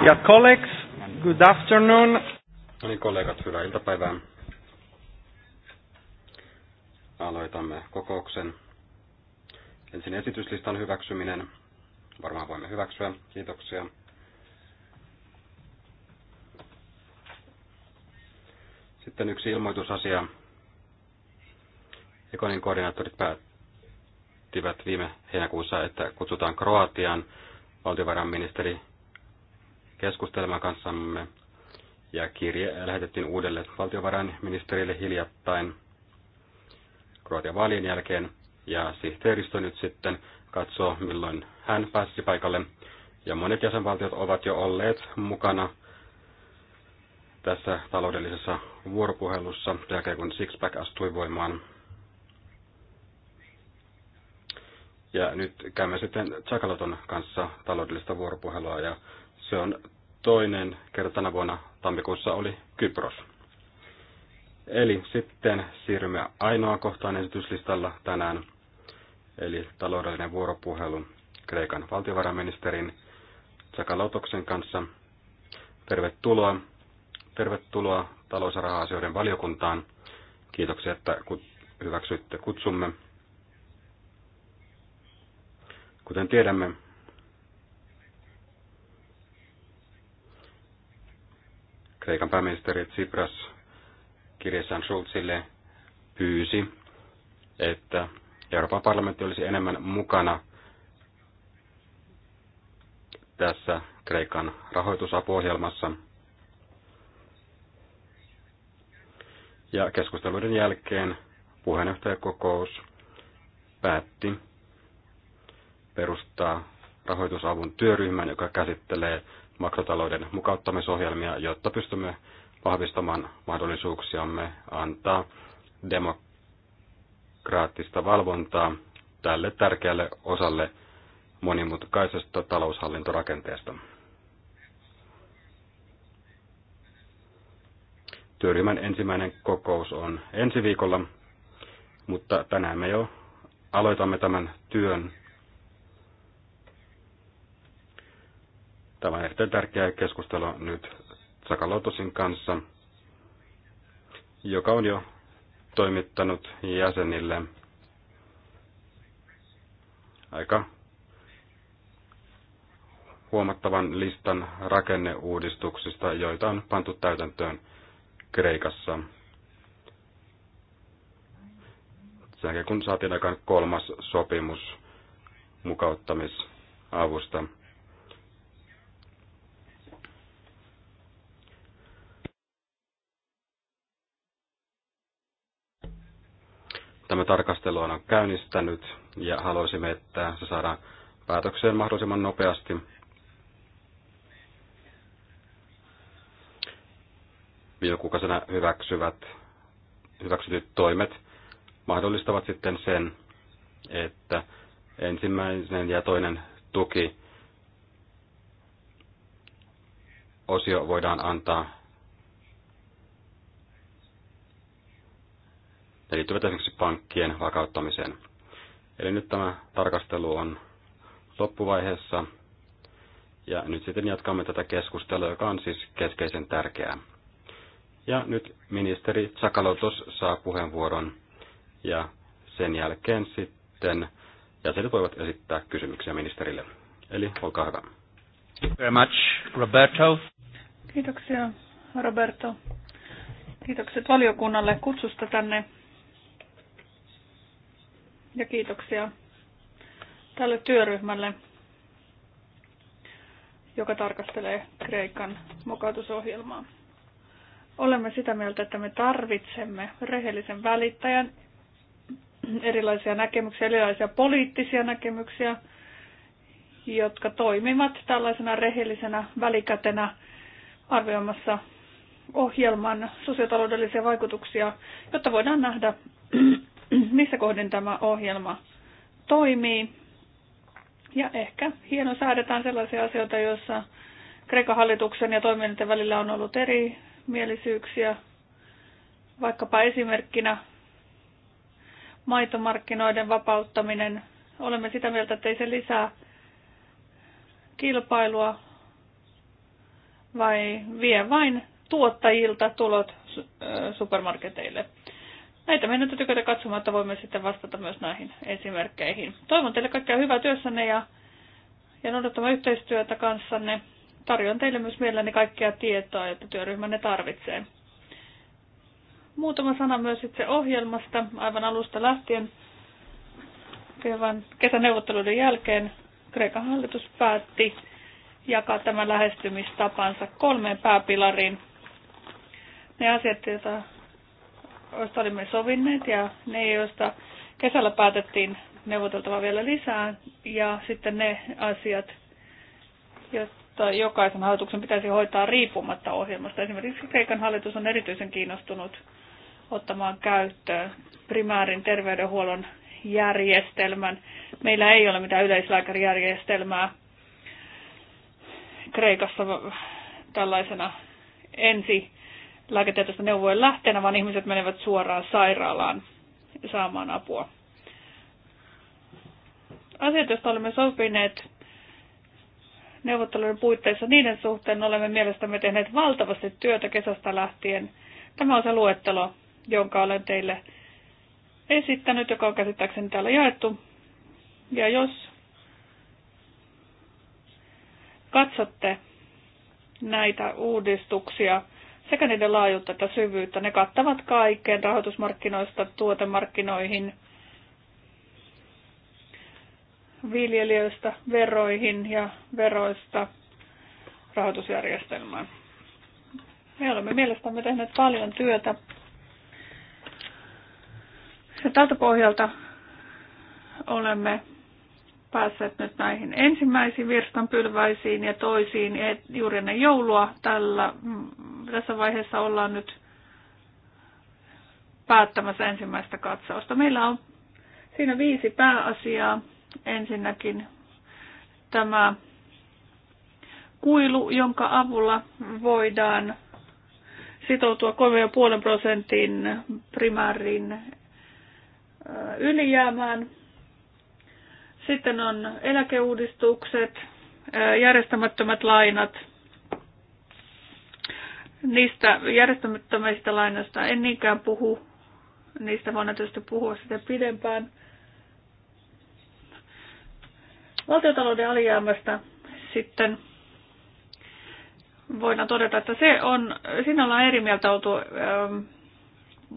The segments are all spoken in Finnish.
Ja colleagues, good afternoon. No niin, kollegat, hyvää iltapäivää. Aloitamme kokouksen. Ensin esityslistan hyväksyminen. Varmaan voimme hyväksyä. Kiitoksia. Sitten yksi ilmoitusasia. Ekonin koordinaattorit päättivät viime heinäkuussa, että kutsutaan Kroatian valtiovarainministeri keskustelemaan kanssamme. Ja kirje lähetettiin uudelle valtiovarainministerille hiljattain Kroatian vaalien jälkeen. Ja sihteeristö nyt sitten katsoo, milloin hän pääsi paikalle. Ja monet jäsenvaltiot ovat jo olleet mukana tässä taloudellisessa vuoropuhelussa, jälkeen kun Sixpack astui voimaan. Ja nyt käymme sitten Chakaloton kanssa taloudellista vuoropuhelua ja se on toinen kerta tänä vuonna. Tammikuussa oli Kypros. Eli sitten siirrymme ainoa kohtaan esityslistalla tänään, eli taloudellinen vuoropuhelu Kreikan valtiovarainministerin Tsakalautoksen kanssa. Tervetuloa. Tervetuloa talous- ja asioiden valiokuntaan. Kiitoksia, että hyväksyitte kutsumme. Kuten tiedämme, Kreikan pääministeri Tsipras kirjassaan Schulzille pyysi, että Euroopan parlamentti olisi enemmän mukana tässä Kreikan rahoitusapuohjelmassa. Ja keskusteluiden jälkeen puheenjohtajakokous päätti perustaa rahoitusavun työryhmän, joka käsittelee makrotalouden mukauttamisohjelmia, jotta pystymme vahvistamaan mahdollisuuksiamme antaa demokraattista valvontaa tälle tärkeälle osalle monimutkaisesta taloushallintorakenteesta. Työryhmän ensimmäinen kokous on ensi viikolla, mutta tänään me jo aloitamme tämän työn Tämä on erittäin tärkeää keskustella nyt Sakalotosin kanssa, joka on jo toimittanut jäsenille aika huomattavan listan rakenneuudistuksista, joita on pantu täytäntöön Kreikassa. Sen jälkeen kun saatiin aikaan kolmas sopimus mukauttamisavusta. tarkastelua on käynnistänyt ja haluaisimme, että se saadaan päätökseen mahdollisimman nopeasti. Viime hyväksyvät, hyväksytyt toimet mahdollistavat sitten sen, että ensimmäinen ja toinen tuki osio voidaan antaa Ne liittyvät esimerkiksi pankkien vakauttamiseen. Eli nyt tämä tarkastelu on loppuvaiheessa. Ja nyt sitten jatkamme tätä keskustelua, joka on siis keskeisen tärkeää. Ja nyt ministeri Tsakalotos saa puheenvuoron ja sen jälkeen sitten jäsenet voivat esittää kysymyksiä ministerille. Eli olkaa hyvä. Very much, Roberto. Kiitoksia, Roberto. Kiitokset valiokunnalle kutsusta tänne ja kiitoksia tälle työryhmälle, joka tarkastelee Kreikan mokautusohjelmaa. Olemme sitä mieltä, että me tarvitsemme rehellisen välittäjän, erilaisia näkemyksiä, erilaisia poliittisia näkemyksiä, jotka toimivat tällaisena rehellisenä välikätenä arvioimassa ohjelman sosiotaloudellisia vaikutuksia, jotta voidaan nähdä, missä kohdin tämä ohjelma toimii. Ja ehkä hieno säädetään sellaisia asioita, joissa Kreikan hallituksen ja toimijoiden välillä on ollut eri mielisyyksiä. Vaikkapa esimerkkinä maitomarkkinoiden vapauttaminen. Olemme sitä mieltä, että ei se lisää kilpailua vai vie vain tuottajilta tulot supermarketeille näitä meidän täytyy käydä katsomaan, että voimme sitten vastata myös näihin esimerkkeihin. Toivon teille kaikkea hyvää työssänne ja, ja noudattamaan yhteistyötä kanssanne. Tarjoan teille myös mielelläni kaikkea tietoa, jota työryhmänne tarvitsee. Muutama sana myös itse ohjelmasta aivan alusta lähtien kevään kesäneuvotteluiden jälkeen Kreikan hallitus päätti jakaa tämän lähestymistapansa kolmeen pääpilariin. Ne asiat, joita joista olimme sovinneet ja ne, joista kesällä päätettiin neuvoteltava vielä lisää. Ja sitten ne asiat, jotta jokaisen hallituksen pitäisi hoitaa riippumatta ohjelmasta. Esimerkiksi Kreikan hallitus on erityisen kiinnostunut ottamaan käyttöön primäärin terveydenhuollon järjestelmän. Meillä ei ole mitään yleislääkärijärjestelmää Kreikassa tällaisena ensi lääketieteellisten neuvojen lähteenä, vaan ihmiset menevät suoraan sairaalaan saamaan apua. Asiat, joista olemme sopineet neuvottelujen puitteissa, niiden suhteen olemme mielestämme tehneet valtavasti työtä kesästä lähtien. Tämä on se luettelo, jonka olen teille esittänyt, joka on käsittääkseni täällä jaettu. Ja jos katsotte näitä uudistuksia sekä niiden laajuutta että syvyyttä. Ne kattavat kaiken rahoitusmarkkinoista tuotemarkkinoihin, viljelijöistä, veroihin ja veroista rahoitusjärjestelmään. Me olemme mielestämme tehneet paljon työtä. Ja tältä pohjalta olemme päässeet nyt näihin ensimmäisiin virstanpylväisiin ja toisiin et, juuri ennen joulua. Tällä, mm, tässä vaiheessa ollaan nyt päättämässä ensimmäistä katsausta. Meillä on siinä viisi pääasiaa. Ensinnäkin tämä kuilu, jonka avulla voidaan sitoutua 3,5 prosentin primäärin ylijäämään – sitten on eläkeuudistukset, järjestämättömät lainat. Niistä järjestämättömistä lainoista en niinkään puhu. Niistä voin tietysti puhua sitä pidempään. Valtiotalouden alijäämästä sitten voidaan todeta, että se on, siinä ollaan eri mieltä oltu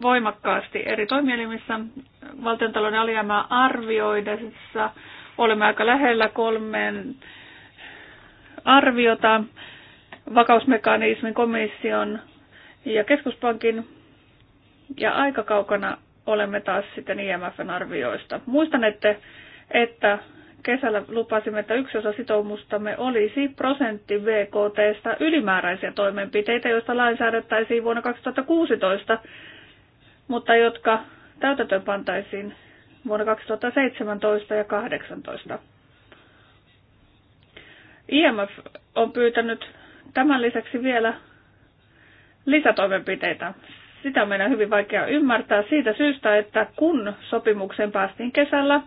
voimakkaasti eri toimielimissä valtiontalouden alijäämää arvioidessa Olemme aika lähellä kolmen arviota vakausmekanismin, komission ja keskuspankin ja aika kaukana olemme taas sitten IMFn arvioista. Muistan, että, että kesällä lupasimme, että yksi osa sitoumustamme olisi prosentti VKT:stä ylimääräisiä toimenpiteitä, joista lainsäädettäisiin vuonna 2016, mutta jotka täytäntöön pantaisiin vuonna 2017 ja 2018. IMF on pyytänyt tämän lisäksi vielä lisätoimenpiteitä. Sitä on meidän hyvin vaikea ymmärtää siitä syystä, että kun sopimukseen päästiin kesällä,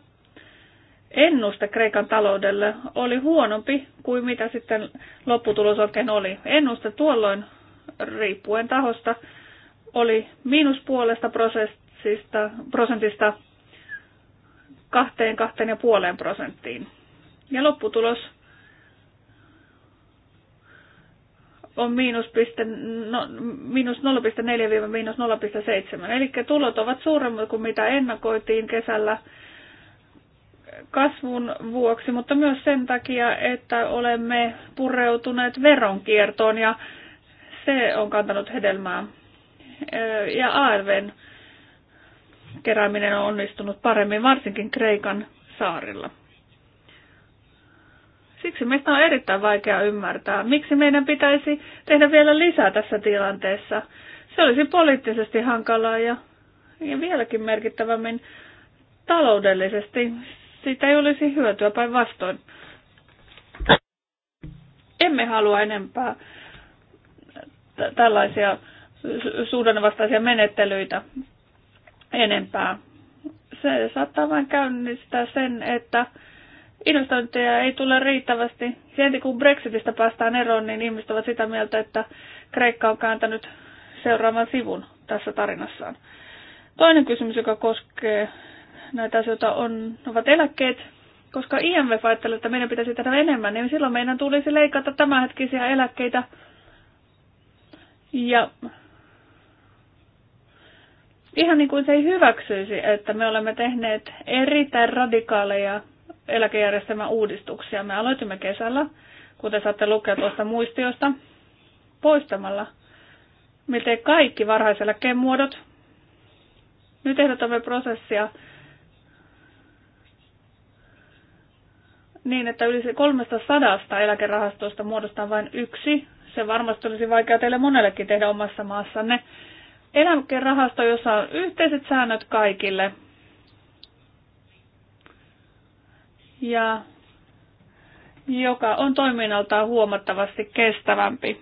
ennuste Kreikan taloudelle oli huonompi kuin mitä sitten lopputulos oikein oli. Ennuste tuolloin, riippuen tahosta, oli miinus puolesta prosentista kahteen, kahteen ja puoleen prosenttiin. Ja lopputulos on miinus, no, 0,4 miinus 0,7. Eli tulot ovat suuremmat kuin mitä ennakoitiin kesällä kasvun vuoksi, mutta myös sen takia, että olemme pureutuneet veronkiertoon ja se on kantanut hedelmää. Ja ARVn kerääminen on onnistunut paremmin, varsinkin Kreikan saarilla. Siksi meistä on erittäin vaikea ymmärtää, miksi meidän pitäisi tehdä vielä lisää tässä tilanteessa. Se olisi poliittisesti hankalaa ja, ja vieläkin merkittävämmin taloudellisesti. Siitä ei olisi hyötyä päinvastoin. Emme halua enempää tällaisia suhdannevastaisia menettelyitä enempää. Se saattaa vain käynnistää sen, että investointeja ei tule riittävästi. Sieltä kun Brexitistä päästään eroon, niin ihmiset ovat sitä mieltä, että Kreikka on kääntänyt seuraavan sivun tässä tarinassaan. Toinen kysymys, joka koskee näitä asioita, on, ovat eläkkeet. Koska IMF ajattelee, että meidän pitäisi tehdä enemmän, niin silloin meidän tulisi leikata tämänhetkisiä eläkkeitä. Ja Ihan niin kuin se ei hyväksyisi, että me olemme tehneet erittäin radikaaleja eläkejärjestelmän uudistuksia. Me aloitimme kesällä, kuten saatte lukea tuosta muistiosta, poistamalla miltei kaikki varhaiseläkkeen muodot. Nyt ehdotamme prosessia niin, että yli 300 eläkerahastoista muodostaa vain yksi. Se varmasti olisi vaikea teille monellekin tehdä omassa maassanne eläkerahasto, jossa on yhteiset säännöt kaikille. Ja joka on toiminnaltaan huomattavasti kestävämpi.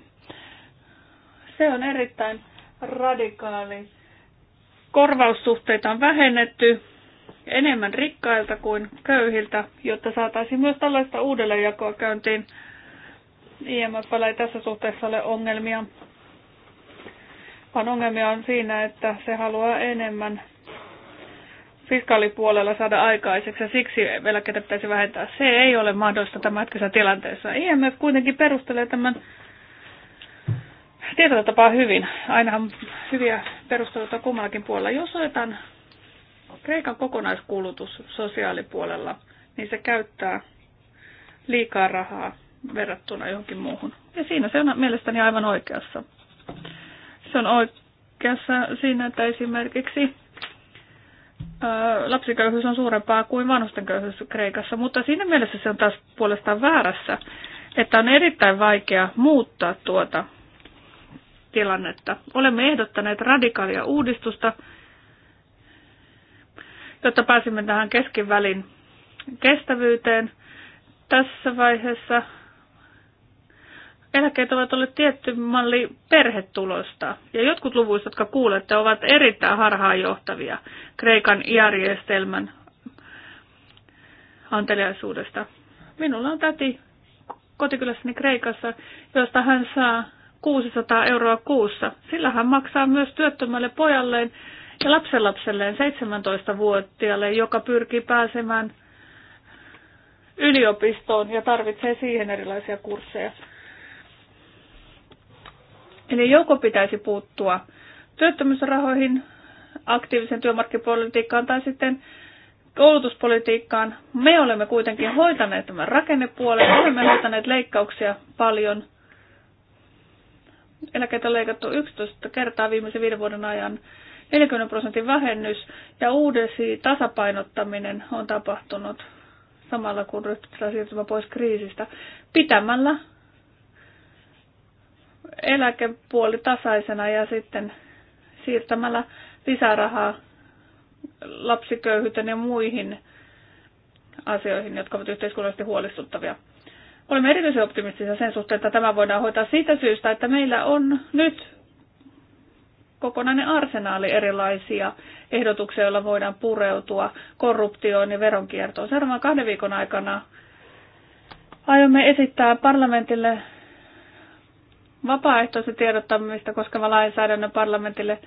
Se on erittäin radikaali. Korvaussuhteita on vähennetty enemmän rikkailta kuin köyhiltä, jotta saataisiin myös tällaista uudelleenjakoa käyntiin. IMF ei tässä suhteessa ole ongelmia vaan ongelmia on siinä, että se haluaa enemmän fiskaalipuolella saada aikaiseksi ja siksi eläkkeitä pitäisi vähentää. Se ei ole mahdollista hetkisessä tilanteessa. IMF kuitenkin perustelee tämän tietyllä tapaa hyvin. Ainahan hyviä perusteluita kummallakin puolella. Jos otetaan Kreikan kokonaiskulutus sosiaalipuolella, niin se käyttää liikaa rahaa verrattuna johonkin muuhun. Ja siinä se on mielestäni aivan oikeassa on oikeassa siinä, että esimerkiksi lapsiköyhyys on suurempaa kuin vanhusten köyhyys Kreikassa, mutta siinä mielessä se on taas puolestaan väärässä, että on erittäin vaikea muuttaa tuota tilannetta. Olemme ehdottaneet radikaalia uudistusta, jotta pääsimme tähän keskivälin kestävyyteen. Tässä vaiheessa eläkkeet ovat olleet tietty malli perhetulosta. Ja jotkut luvuista, jotka kuulette, ovat erittäin harhaanjohtavia Kreikan järjestelmän anteliaisuudesta. Minulla on täti kotikylässäni Kreikassa, josta hän saa 600 euroa kuussa. Sillä hän maksaa myös työttömälle pojalleen ja lapsenlapselleen 17-vuotiaalle, joka pyrkii pääsemään yliopistoon ja tarvitsee siihen erilaisia kursseja. Eli joko pitäisi puuttua työttömyysrahoihin, aktiivisen työmarkkinapolitiikkaan tai sitten koulutuspolitiikkaan. Me olemme kuitenkin hoitaneet tämän rakennepuolen, olemme hoitaneet leikkauksia paljon. Eläkeitä on leikattu 11 kertaa viimeisen viiden vuoden ajan, 40 prosentin vähennys ja uudesi tasapainottaminen on tapahtunut samalla kun ryhtytään siirtymään pois kriisistä pitämällä eläkepuoli tasaisena ja sitten siirtämällä lisärahaa lapsiköyhyyteen ja muihin asioihin, jotka ovat yhteiskunnallisesti huolestuttavia. Olemme erityisen optimistisia sen suhteen, että tämä voidaan hoitaa siitä syystä, että meillä on nyt kokonainen arsenaali erilaisia ehdotuksia, joilla voidaan pureutua korruptioon ja veronkiertoon. Seuraavan kahden viikon aikana aiomme esittää parlamentille vapaaehtoista tiedottamista koskeva lainsäädännön parlamentille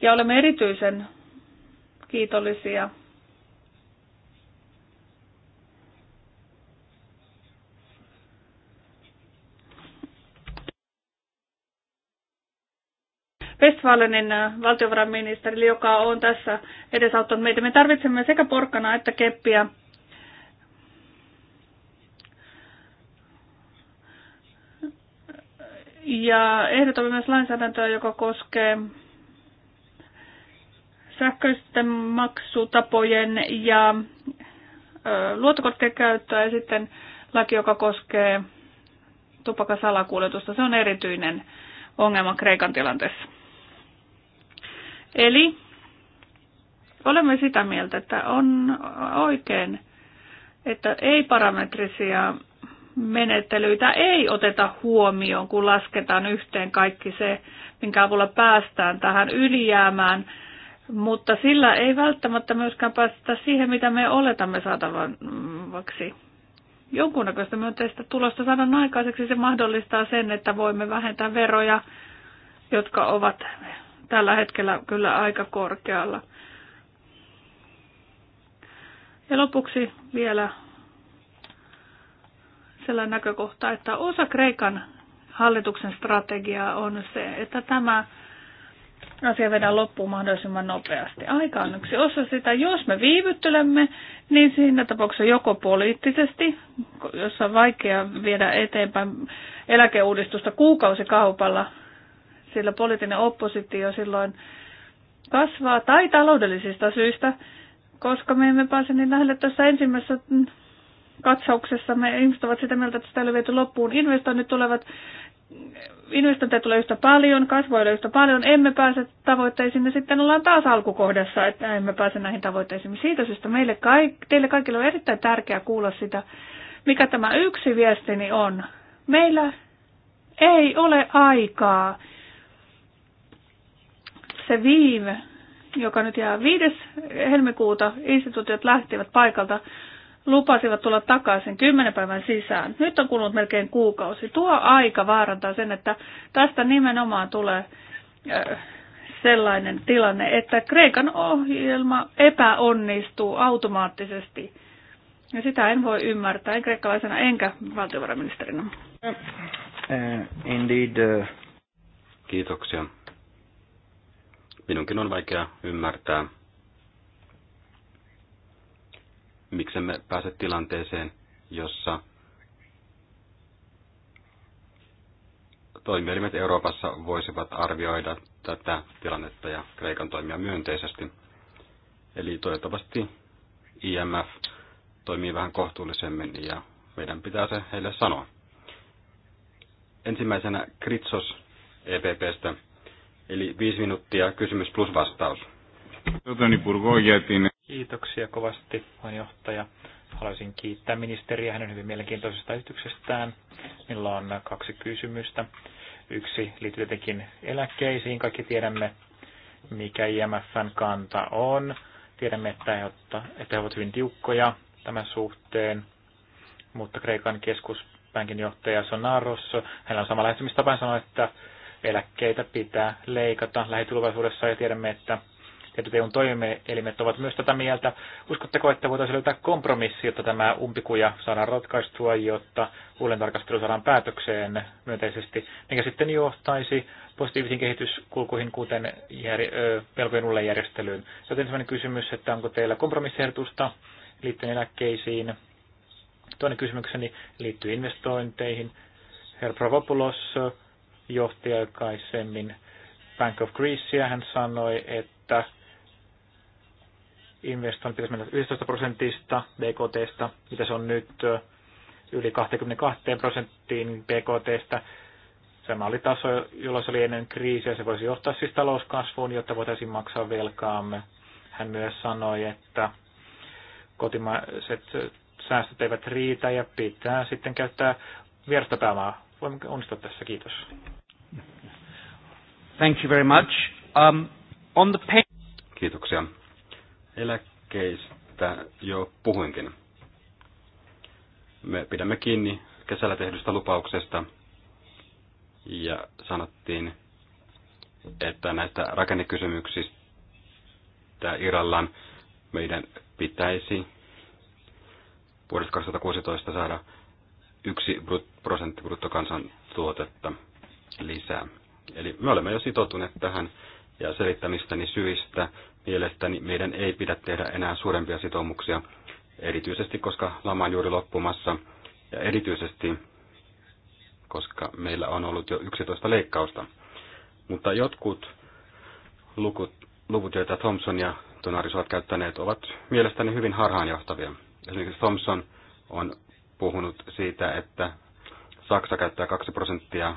ja olemme erityisen kiitollisia Westfalenin äh, valtiovarainministerille, joka on tässä edesauttanut meitä. Me tarvitsemme sekä porkkana että keppiä Ja ehdotamme myös lainsäädäntöä, joka koskee sähköisten maksutapojen ja luottokorttien käyttöä ja sitten laki, joka koskee tupakasalakuljetusta. Se on erityinen ongelma Kreikan tilanteessa. Eli olemme sitä mieltä, että on oikein, että ei-parametrisia menettelyitä ei oteta huomioon, kun lasketaan yhteen kaikki se, minkä avulla päästään tähän ylijäämään, mutta sillä ei välttämättä myöskään päästä siihen, mitä me oletamme saatavaksi. Jonkunnäköistä myönteistä tulosta saadaan aikaiseksi. Se mahdollistaa sen, että voimme vähentää veroja, jotka ovat tällä hetkellä kyllä aika korkealla. Ja lopuksi vielä sellainen näkökohta, että osa Kreikan hallituksen strategiaa on se, että tämä asia vedään loppuun mahdollisimman nopeasti. Aika on yksi osa sitä. Jos me viivyttelemme, niin siinä tapauksessa joko poliittisesti, jossa on vaikea viedä eteenpäin eläkeuudistusta kuukausikaupalla, sillä poliittinen oppositio silloin kasvaa, tai taloudellisista syistä, koska me emme pääse niin lähelle tässä ensimmäisessä katsauksessa me ihmiset ovat sitä mieltä, että sitä ei ole viety loppuun. Investoinnit tulevat, investointeja tulee yhtä paljon, kasvua ei yhtä paljon, emme pääse tavoitteisiin ja sitten ollaan taas alkukohdassa, että emme pääse näihin tavoitteisiin. Siitä syystä meille kaik, teille kaikille on erittäin tärkeää kuulla sitä, mikä tämä yksi viestini on. Meillä ei ole aikaa. Se viime, joka nyt jää 5. helmikuuta, instituutiot lähtivät paikalta, lupasivat tulla takaisin kymmenen päivän sisään. Nyt on kulunut melkein kuukausi. Tuo aika vaarantaa sen, että tästä nimenomaan tulee sellainen tilanne, että Kreikan ohjelma epäonnistuu automaattisesti. Ja sitä en voi ymmärtää, en kreikkalaisena enkä valtiovarainministerinä. Eh, indeed. Eh. Kiitoksia. Minunkin on vaikea ymmärtää, miksemme pääse tilanteeseen, jossa toimielimet Euroopassa voisivat arvioida tätä tilannetta ja Kreikan toimia myönteisesti. Eli toivottavasti IMF toimii vähän kohtuullisemmin ja meidän pitää se heille sanoa. Ensimmäisenä Kritsos EPPstä, eli viisi minuuttia kysymys plus vastaus. Τον Υπουργό για την Kiitoksia kovasti, puheenjohtaja. Haluaisin kiittää ministeriä hänen hyvin mielenkiintoisesta esityksestään. Minulla on kaksi kysymystä. Yksi liittyy tietenkin eläkkeisiin. Kaikki tiedämme, mikä IMFn kanta on. Tiedämme, että he, otta, että he ovat hyvin tiukkoja tämän suhteen, mutta Kreikan keskuspankin johtaja Sonaros, hänellä on sama lähestymistapa, sanoi, että eläkkeitä pitää leikata lähitulevaisuudessa ja tiedämme, että tietyt EUn toimielimet ovat myös tätä mieltä. Uskotteko, että voitaisiin löytää kompromissi, jotta tämä umpikuja saadaan ratkaistua, jotta uuden tarkastelu saadaan päätökseen myönteisesti, mikä sitten johtaisi positiivisiin kehityskulkuihin, kuten pelkojen ö, järjestelyyn. Sitten Joten ensimmäinen kysymys, että onko teillä kompromissiehdotusta liittyen eläkkeisiin? Toinen kysymykseni liittyy investointeihin. Herr Provopoulos, johti aikaisemmin Bank of Greece ja hän sanoi, että Investoinnin pitäisi mennä 11 prosentista BKTstä, mitä se on nyt yli 22 prosenttiin BKTstä. Tämä oli taso, jolla se oli ennen kriisiä. Se voisi johtaa siis talouskasvuun, jotta voitaisiin maksaa velkaamme. Hän myös sanoi, että kotimaiset säästöt eivät riitä ja pitää sitten käyttää vierasta pääomaa. Voimme onnistua tässä. Kiitos. Thank you very much. Um, on the pay- Kiitoksia. Eläkkeistä jo puhuinkin. Me pidämme kiinni kesällä tehdystä lupauksesta ja sanottiin, että näistä rakennekysymyksistä Irallaan meidän pitäisi vuodesta 2016 saada yksi prosentti bruttokansantuotetta lisää. Eli me olemme jo sitoutuneet tähän ja selittämistäni syistä mielestäni meidän ei pidä tehdä enää suurempia sitoumuksia, erityisesti koska lama on juuri loppumassa ja erityisesti koska meillä on ollut jo 11 leikkausta. Mutta jotkut lukut, luvut, joita Thompson ja tonaris ovat käyttäneet, ovat mielestäni hyvin harhaanjohtavia. Esimerkiksi Thompson on puhunut siitä, että Saksa käyttää 2 prosenttia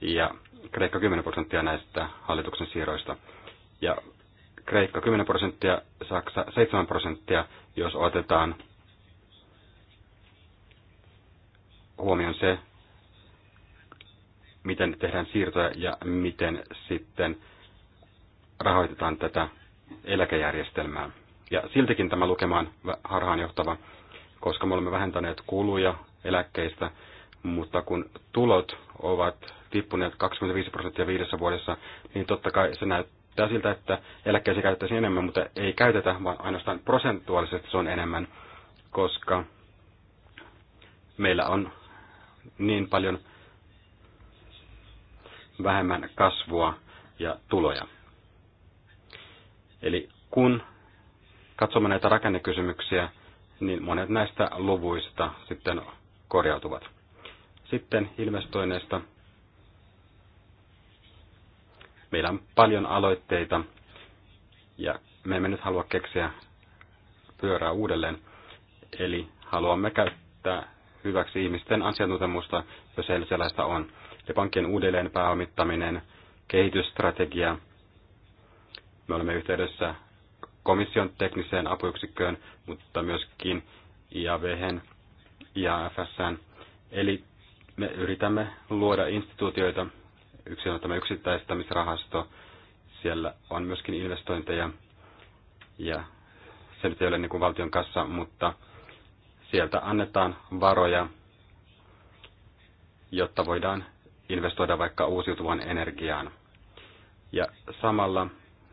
ja Kreikka 10 prosenttia näistä hallituksen siirroista. Ja Kreikka 10 prosenttia, Saksa 7 prosenttia, jos otetaan huomioon se, miten tehdään siirtoja ja miten sitten rahoitetaan tätä eläkejärjestelmää. Ja siltikin tämä lukemaan harhaanjohtava, koska me olemme vähentäneet kuluja eläkkeistä, mutta kun tulot ovat tippuneet 25 prosenttia viidessä vuodessa, niin totta kai se näyttää näyttää siltä, että eläkkeisiä käytettäisiin enemmän, mutta ei käytetä, vaan ainoastaan prosentuaalisesti se on enemmän, koska meillä on niin paljon vähemmän kasvua ja tuloja. Eli kun katsomme näitä rakennekysymyksiä, niin monet näistä luvuista sitten korjautuvat. Sitten investoinneista Meillä on paljon aloitteita ja me emme nyt halua keksiä pyörää uudelleen. Eli haluamme käyttää hyväksi ihmisten asiantuntemusta, jos heillä sellaista on. Eli pankkien uudelleen pääomittaminen, kehitysstrategia. Me olemme yhteydessä komission tekniseen apuyksikköön, mutta myöskin IAVhen, IAFSään. Eli me yritämme luoda instituutioita, Yksi on tämä yksittäistämisrahasto. Siellä on myöskin investointeja ja se nyt ei ole niin kuin valtion kassa, mutta sieltä annetaan varoja, jotta voidaan investoida vaikka uusiutuvan energiaan. Ja samalla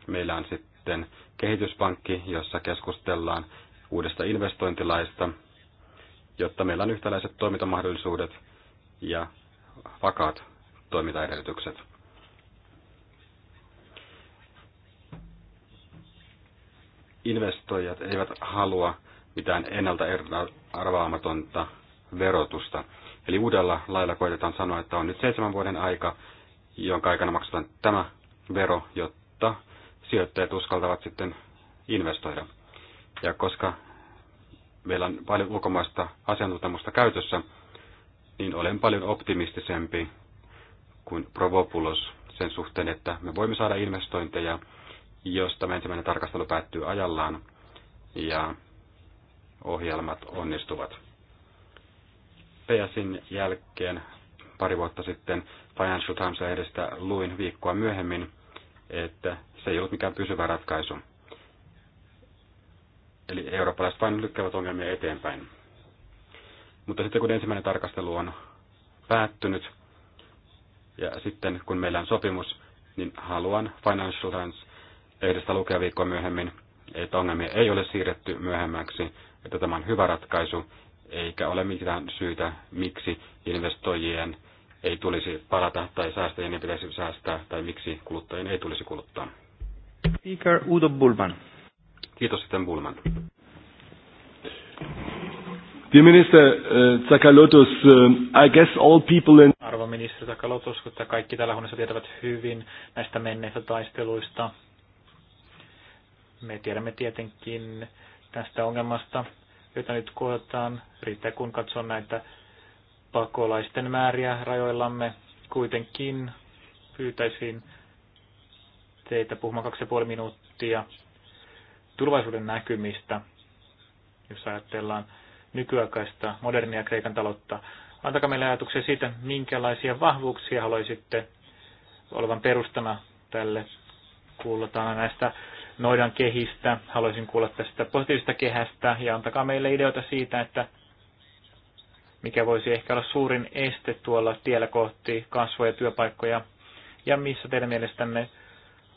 meillä on sitten kehityspankki, jossa keskustellaan uudesta investointilaista, jotta meillä on yhtäläiset toimintamahdollisuudet ja vakaat toimintaedellytykset. Investoijat eivät halua mitään ennalta arvaamatonta verotusta. Eli uudella lailla koitetaan sanoa, että on nyt seitsemän vuoden aika, jonka aikana maksetaan tämä vero, jotta sijoittajat uskaltavat sitten investoida. Ja koska meillä on paljon ulkomaista asiantuntemusta käytössä, niin olen paljon optimistisempi kuin Provopulos sen suhteen, että me voimme saada investointeja, jos tämä ensimmäinen tarkastelu päättyy ajallaan ja ohjelmat onnistuvat. PSin jälkeen pari vuotta sitten Financial times edestä luin viikkoa myöhemmin, että se ei ollut mikään pysyvä ratkaisu. Eli eurooppalaiset vain lykkäävät ongelmia eteenpäin. Mutta sitten kun ensimmäinen tarkastelu on päättynyt, ja sitten kun meillä on sopimus, niin haluan Financial Times lehdestä lukea viikkoa myöhemmin, että ongelmia ei ole siirretty myöhemmäksi, että tämä on hyvä ratkaisu, eikä ole mitään syytä, miksi investoijien ei tulisi palata tai säästäjien ei pitäisi säästää tai miksi kuluttajien ei tulisi kuluttaa. Speaker Udo Bulman. Kiitos sitten Bulman. Dear Minister uh, Tsakalotos, uh, I guess all people in ministeri Takalotos, että kaikki täällä huoneessa tietävät hyvin näistä menneistä taisteluista. Me tiedämme tietenkin tästä ongelmasta, jota nyt koetaan. Riittää kun katsoo näitä pakolaisten määriä rajoillamme. Kuitenkin pyytäisin teitä puhumaan kaksi ja puoli minuuttia tulevaisuuden näkymistä, jos ajatellaan nykyaikaista modernia Kreikan taloutta Antakaa meille ajatuksia siitä, minkälaisia vahvuuksia haluaisitte olevan perustana tälle. Kuullaan näistä noidan kehistä, haluaisin kuulla tästä positiivista kehästä ja antakaa meille ideoita siitä, että mikä voisi ehkä olla suurin este tuolla tiellä kohti kasvoja ja työpaikkoja ja missä teidän mielestänne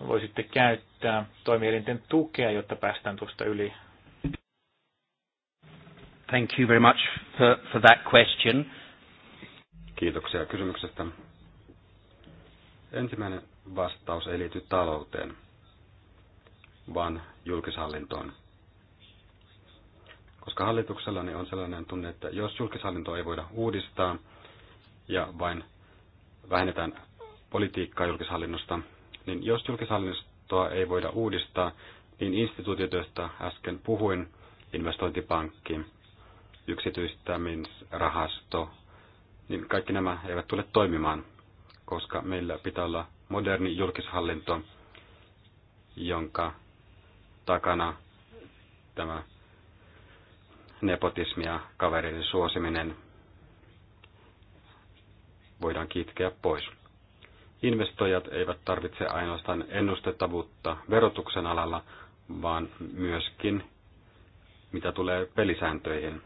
voisitte käyttää toimielinten tukea, jotta päästään tuosta yli. Thank you very much for, for that question. Kiitoksia kysymyksestä. Ensimmäinen vastaus ei liity talouteen, vaan julkishallintoon. Koska hallituksella niin on sellainen tunne, että jos julkishallintoa ei voida uudistaa ja vain vähennetään politiikkaa julkishallinnosta, niin jos julkishallintoa ei voida uudistaa, niin instituutiot, joista äsken puhuin, investointipankki, yksityistämisrahasto, niin kaikki nämä eivät tule toimimaan, koska meillä pitää olla moderni julkishallinto, jonka takana tämä nepotismi ja kaverin suosiminen voidaan kitkeä pois. Investoijat eivät tarvitse ainoastaan ennustettavuutta verotuksen alalla, vaan myöskin mitä tulee pelisääntöihin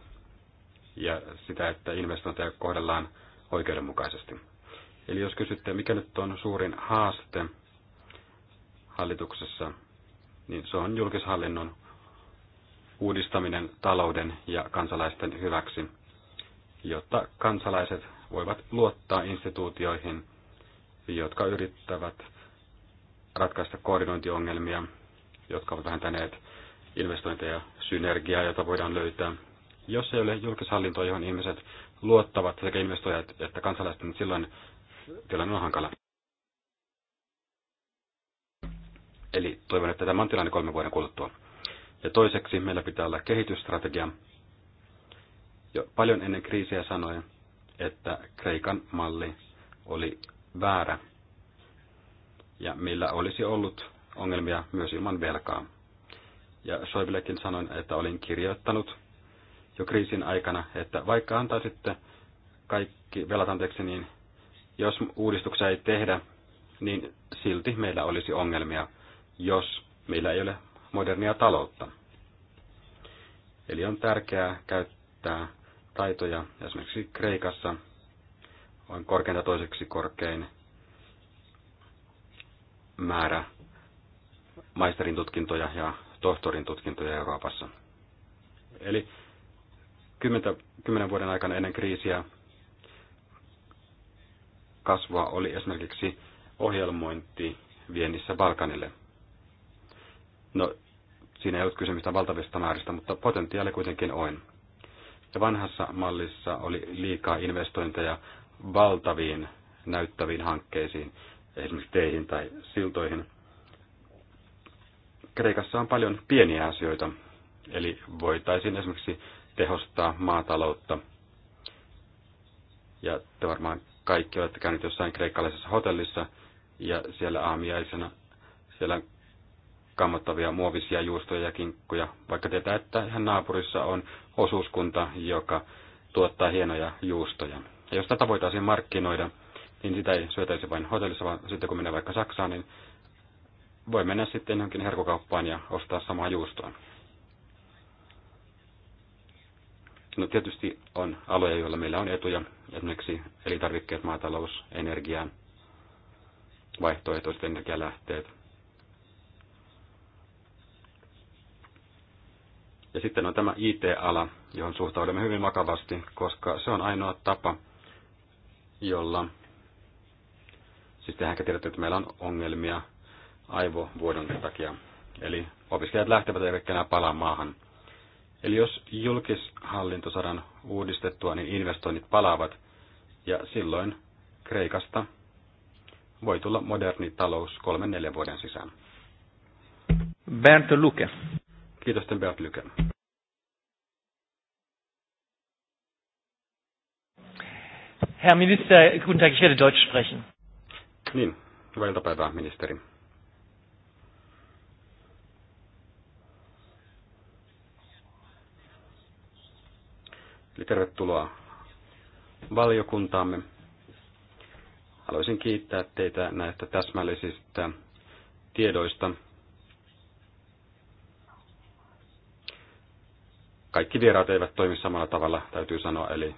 ja sitä, että investointeja kohdellaan oikeudenmukaisesti. Eli jos kysytte, mikä nyt on suurin haaste hallituksessa, niin se on julkishallinnon uudistaminen talouden ja kansalaisten hyväksi, jotta kansalaiset voivat luottaa instituutioihin, jotka yrittävät ratkaista koordinointiongelmia, jotka ovat vähentäneet investointeja, synergiaa, jota voidaan löytää jos ei ole julkishallintoa, johon ihmiset luottavat sekä investoijat että kansalaiset, niin silloin tilanne on hankala. Eli toivon, että tämä on tilanne kolmen vuoden kuluttua. Ja toiseksi meillä pitää olla kehitysstrategia. Jo paljon ennen kriisiä sanoin, että Kreikan malli oli väärä ja millä olisi ollut ongelmia myös ilman velkaa. Ja soivillekin sanoin, että olin kirjoittanut jo kriisin aikana, että vaikka antaisitte kaikki velat anteeksi, niin jos uudistuksia ei tehdä, niin silti meillä olisi ongelmia, jos meillä ei ole modernia taloutta. Eli on tärkeää käyttää taitoja. Esimerkiksi Kreikassa on korkeinta toiseksi korkein määrä maisterin tutkintoja ja tohtorin tutkintoja Euroopassa. Eli kymmenen vuoden aikana ennen kriisiä kasvua oli esimerkiksi ohjelmointi viennissä Balkanille. No, siinä ei ollut kysymystä valtavista määristä, mutta potentiaali kuitenkin on. Ja vanhassa mallissa oli liikaa investointeja valtaviin näyttäviin hankkeisiin, esimerkiksi teihin tai siltoihin. Kreikassa on paljon pieniä asioita, eli voitaisiin esimerkiksi tehostaa maataloutta. Ja te varmaan kaikki olette käyneet jossain kreikkalaisessa hotellissa ja siellä aamiaisena siellä on kammottavia muovisia juustoja ja kinkkuja, vaikka tietää, että ihan naapurissa on osuuskunta, joka tuottaa hienoja juustoja. Ja jos tätä voitaisiin markkinoida, niin sitä ei syötäisi vain hotellissa, vaan sitten kun menee vaikka Saksaan, niin voi mennä sitten johonkin herkukauppaan ja ostaa samaa juustoa. No tietysti on aloja, joilla meillä on etuja, esimerkiksi elintarvikkeet, maatalous, energia, vaihtoehtoiset energialähteet. Ja sitten on tämä IT-ala, johon suhtaudumme hyvin vakavasti, koska se on ainoa tapa, jolla, siis te tiedätte, että meillä on ongelmia aivovuodon takia. Eli opiskelijat lähtevät eivätkä enää palaa maahan. Eli jos julkishallinto saadaan uudistettua, niin investoinnit palaavat ja silloin Kreikasta voi tulla moderni talous kolmen neljän vuoden sisään. Bernd Luke. Kiitos, Bernd Luke. Herr Minister, guten Tag, ich werde Deutsch sprechen. Niin, hyvää iltapäivää, ministeri. Eli tervetuloa valiokuntaamme. Haluaisin kiittää teitä näistä täsmällisistä tiedoista. Kaikki vieraat eivät toimi samalla tavalla, täytyy sanoa, eli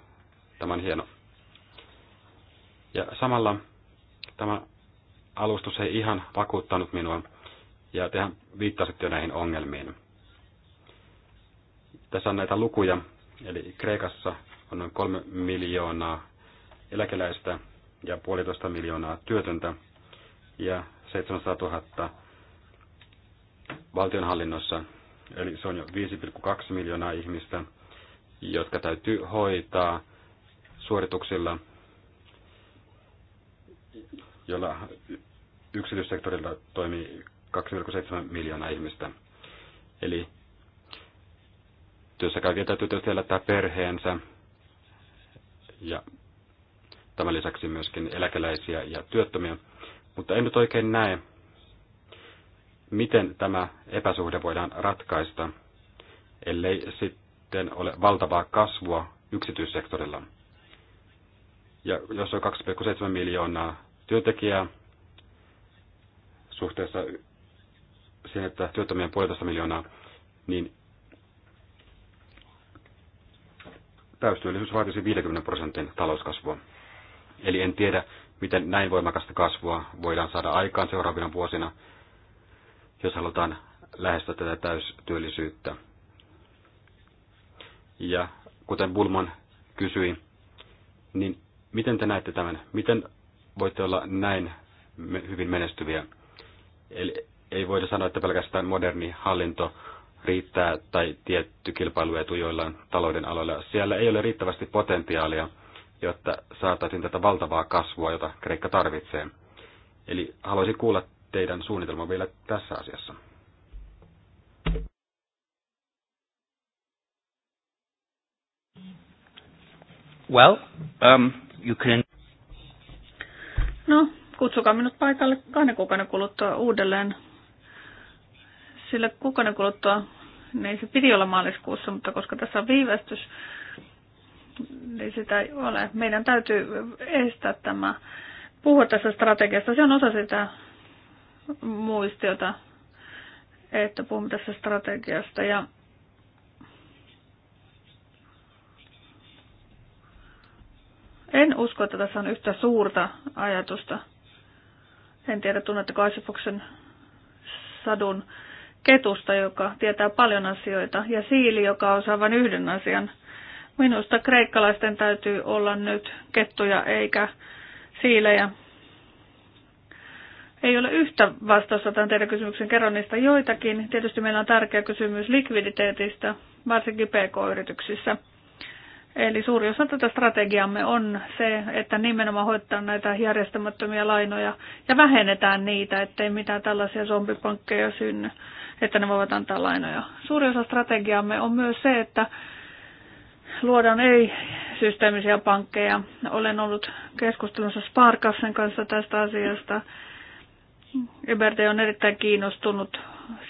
tämä on hieno. Ja samalla tämä alustus ei ihan vakuuttanut minua, ja tehän viittasitte jo näihin ongelmiin. Tässä on näitä lukuja, Eli Kreikassa on noin kolme miljoonaa eläkeläistä ja puolitoista miljoonaa työtöntä ja 700 000 valtionhallinnossa. Eli se on jo 5,2 miljoonaa ihmistä, jotka täytyy hoitaa suorituksilla, jolla yksityissektorilla toimii 2,7 miljoonaa ihmistä. Eli työssä käyvien täytyy tietysti elättää perheensä ja tämän lisäksi myöskin eläkeläisiä ja työttömiä. Mutta en nyt oikein näe, miten tämä epäsuhde voidaan ratkaista, ellei sitten ole valtavaa kasvua yksityissektorilla. Ja jos on 2,7 miljoonaa työntekijää suhteessa siihen, että työttömiä on puolitoista miljoonaa, niin täystyöllisyys vaatisi 50 prosentin talouskasvua. Eli en tiedä, miten näin voimakasta kasvua voidaan saada aikaan seuraavina vuosina, jos halutaan lähestyä tätä täystyöllisyyttä. Ja kuten Bulman kysyi, niin miten te näette tämän? Miten voitte olla näin hyvin menestyviä? Eli ei voida sanoa, että pelkästään moderni hallinto riittää tai tietty kilpailuetu joillain talouden aloilla. Siellä ei ole riittävästi potentiaalia, jotta saataisiin tätä valtavaa kasvua, jota Kreikka tarvitsee. Eli haluaisin kuulla teidän suunnitelman vielä tässä asiassa. Well, um, you can... No, kutsukaa minut paikalle kahden kuukauden kuluttua uudelleen sille kuukauden kuluttua, niin se piti olla maaliskuussa, mutta koska tässä on viivästys, niin sitä ei ole. Meidän täytyy estää tämä, puhua tässä strategiasta. Se on osa sitä muistiota, että puhumme tässä strategiasta. Ja en usko, että tässä on yhtä suurta ajatusta. En tiedä, tunnetteko Aisifoksen sadun ketusta, joka tietää paljon asioita, ja siili, joka osaa vain yhden asian. Minusta kreikkalaisten täytyy olla nyt kettuja eikä siilejä. Ei ole yhtä vastausta tämän teidän kysymyksen kerron niistä joitakin. Tietysti meillä on tärkeä kysymys likviditeetistä, varsinkin pk-yrityksissä. Eli suuri osa tätä strategiamme on se, että nimenomaan hoitaa näitä järjestämättömiä lainoja ja vähennetään niitä, ettei mitään tällaisia zombipankkeja synny että ne voivat antaa lainoja. Suuri osa strategiamme on myös se, että luodaan ei-systeemisiä pankkeja. Olen ollut keskustelussa Sparkassen kanssa tästä asiasta. Eberde on erittäin kiinnostunut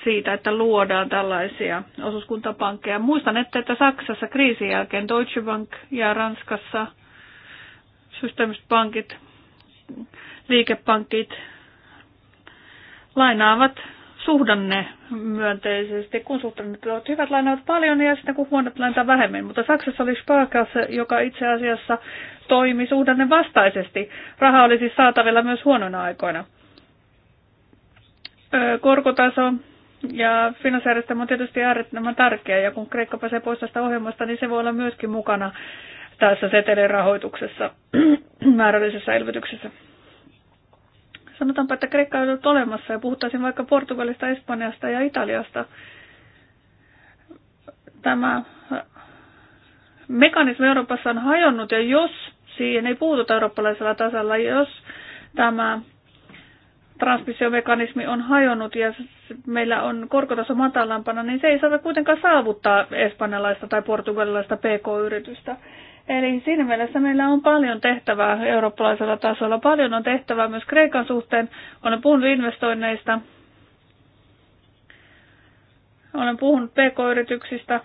siitä, että luodaan tällaisia osuuskuntapankkeja. Muistan, että, että Saksassa kriisin jälkeen Deutsche Bank ja Ranskassa systeemiset pankit, liikepankit lainaavat suhdanne myönteisesti, kun suhdanne ovat hyvät, lainat paljon ja sitten kun huonot lainat vähemmän. Mutta Saksassa oli Sparkasse, joka itse asiassa toimi suhdanne vastaisesti. Raha oli siis saatavilla myös huonoina aikoina. Korkotaso ja finanssijärjestelmä on tietysti äärettömän tärkeä ja kun Kreikka pääsee pois tästä ohjelmasta, niin se voi olla myöskin mukana tässä rahoituksessa määrällisessä elvytyksessä. Sanotaanpa, että Kreikka on ollut olemassa ja puhuttaisiin vaikka Portugalista, Espanjasta ja Italiasta. Tämä mekanismi Euroopassa on hajonnut ja jos siihen ei puututa eurooppalaisella tasolla, jos tämä transmissiomekanismi on hajonnut ja meillä on korkotaso matalampana, niin se ei saada kuitenkaan saavuttaa espanjalaista tai portugalilaista pk-yritystä. Eli siinä mielessä meillä on paljon tehtävää eurooppalaisella tasolla. Paljon on tehtävää myös Kreikan suhteen. Olen puhunut investoinneista. Olen puhunut pk-yrityksistä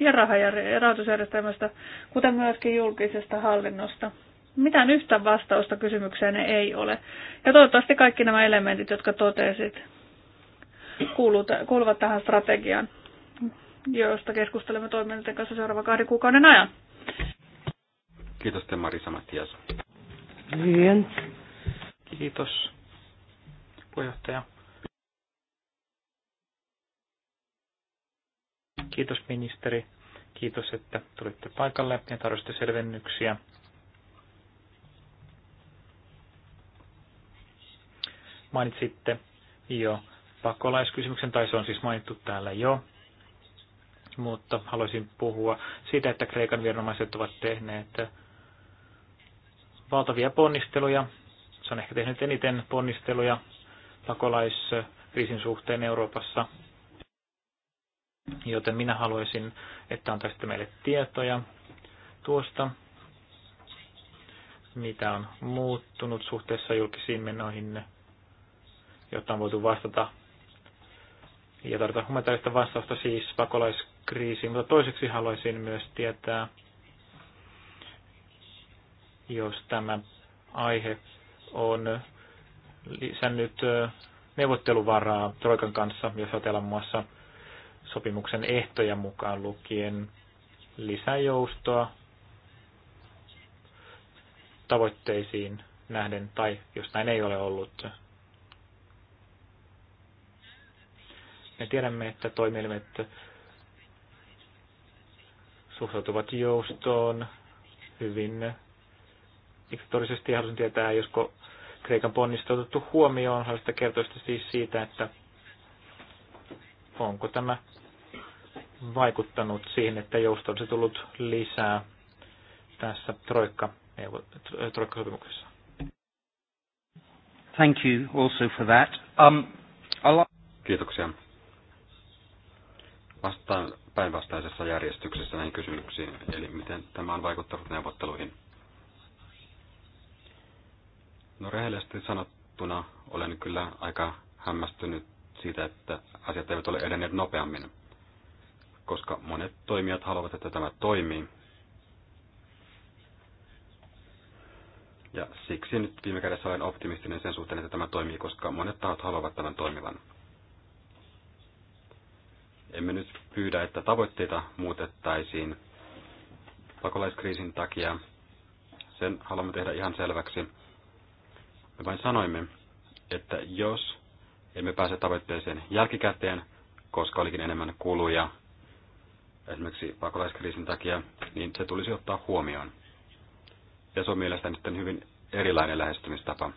ja rahoitusjärjestelmästä, kuten myöskin julkisesta hallinnosta. Mitään yhtä vastausta kysymykseen ei ole. Ja toivottavasti kaikki nämä elementit, jotka totesit, kuuluvat tähän strategiaan, josta keskustelemme toimijoiden kanssa seuraavan kahden kuukauden ajan. Kiitos te Marisa Mattias. Lyhyen. Kiitos puheenjohtaja. Kiitos ministeri. Kiitos, että tulitte paikalle ja tarjositte selvennyksiä. Mainitsitte jo pakolaiskysymyksen, tai se on siis mainittu täällä jo mutta haluaisin puhua siitä, että Kreikan viranomaiset ovat tehneet valtavia ponnisteluja. Se on ehkä tehnyt eniten ponnisteluja pakolaiskriisin suhteen Euroopassa. Joten minä haluaisin, että antaisitte meille tietoja tuosta, mitä on muuttunut suhteessa julkisiin menoihin, jotta on voitu vastata ja tarvitaan humanitaarista vastausta siis pakolaiskriisin kriisiin, mutta toiseksi haluaisin myös tietää, jos tämä aihe on lisännyt neuvotteluvaraa Troikan kanssa, jos ajatellaan muun muassa sopimuksen ehtoja mukaan lukien lisäjoustoa tavoitteisiin nähden, tai jos näin ei ole ollut. Me tiedämme, että toimielimet suhtautuvat joustoon hyvin diktatorisesti ja halusin tietää, josko Kreikan ponnista otettu huomioon. Haluaisin kertoa siis siitä, että onko tämä vaikuttanut siihen, että jousto on se tullut lisää tässä troikka, sopimuksessa. Thank you also for that. Um, Kiitoksia. Vastaan päinvastaisessa järjestyksessä näihin kysymyksiin, eli miten tämä on vaikuttanut neuvotteluihin. No rehellisesti sanottuna olen kyllä aika hämmästynyt siitä, että asiat eivät ole edenneet nopeammin, koska monet toimijat haluavat, että tämä toimii. Ja siksi nyt viime kädessä olen optimistinen sen suhteen, että tämä toimii, koska monet tahot haluavat tämän toimivan. Emme nyt pyydä, että tavoitteita muutettaisiin pakolaiskriisin takia. Sen haluamme tehdä ihan selväksi. Me vain sanoimme, että jos emme pääse tavoitteeseen jälkikäteen, koska olikin enemmän kuluja esimerkiksi pakolaiskriisin takia, niin se tulisi ottaa huomioon. Ja se on mielestäni sitten hyvin erilainen lähestymistapa.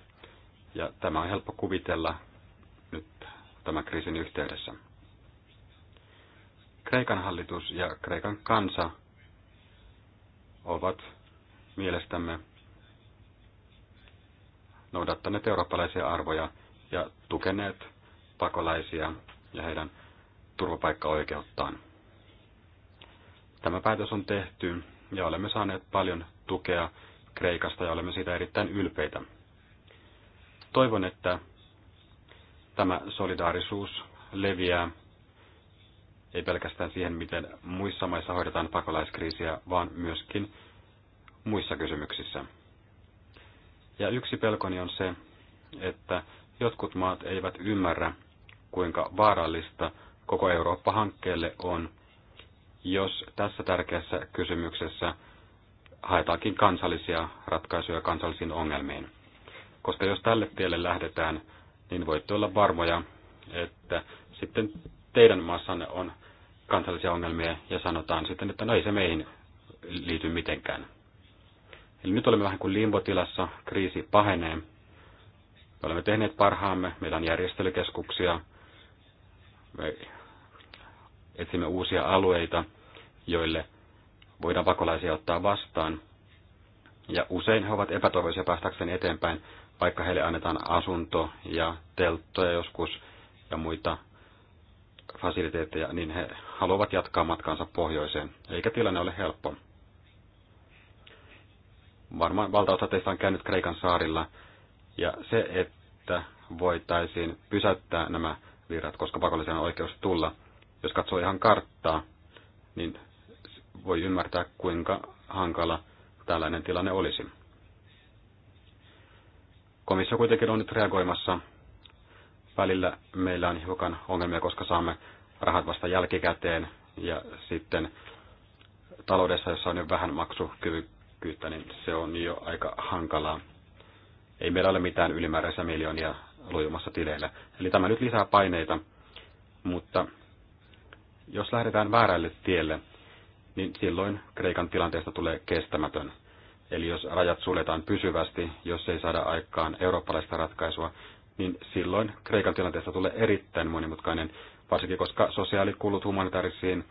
Ja tämä on helppo kuvitella nyt tämän kriisin yhteydessä. Kreikan hallitus ja Kreikan kansa ovat mielestämme noudattaneet eurooppalaisia arvoja ja tukeneet pakolaisia ja heidän turvapaikkaoikeuttaan. Tämä päätös on tehty ja olemme saaneet paljon tukea Kreikasta ja olemme siitä erittäin ylpeitä. Toivon, että tämä solidaarisuus leviää ei pelkästään siihen, miten muissa maissa hoidetaan pakolaiskriisiä, vaan myöskin muissa kysymyksissä. Ja yksi pelkoni on se, että jotkut maat eivät ymmärrä, kuinka vaarallista koko Eurooppa-hankkeelle on, jos tässä tärkeässä kysymyksessä haetaankin kansallisia ratkaisuja kansallisiin ongelmiin. Koska jos tälle tielle lähdetään, niin voitte olla varmoja, että sitten teidän maassanne on kansallisia ongelmia ja sanotaan sitten, että no ei se meihin liity mitenkään. Eli nyt olemme vähän kuin limbotilassa, kriisi pahenee. Me olemme tehneet parhaamme, meillä on järjestelykeskuksia, me etsimme uusia alueita, joille voidaan pakolaisia ottaa vastaan. Ja usein he ovat epätoivoisia päästäkseen eteenpäin, vaikka heille annetaan asunto ja telttoja joskus ja muita fasiliteetteja, niin he haluavat jatkaa matkaansa pohjoiseen, eikä tilanne ole helppo. Varmaan valtaosa teistä on käynyt Kreikan saarilla, ja se, että voitaisiin pysäyttää nämä virrat, koska pakollisen on oikeus tulla. Jos katsoo ihan karttaa, niin voi ymmärtää, kuinka hankala tällainen tilanne olisi. Komissio kuitenkin on nyt reagoimassa välillä meillä on hiukan ongelmia, koska saamme rahat vasta jälkikäteen ja sitten taloudessa, jossa on jo vähän maksukyvykkyyttä, niin se on jo aika hankalaa. Ei meillä ole mitään ylimääräisiä miljoonia lujumassa tileillä. Eli tämä nyt lisää paineita, mutta jos lähdetään väärälle tielle, niin silloin Kreikan tilanteesta tulee kestämätön. Eli jos rajat suljetaan pysyvästi, jos ei saada aikaan eurooppalaista ratkaisua, niin silloin Kreikan tilanteesta tulee erittäin monimutkainen, varsinkin koska sosiaalikulut humanitaarisiin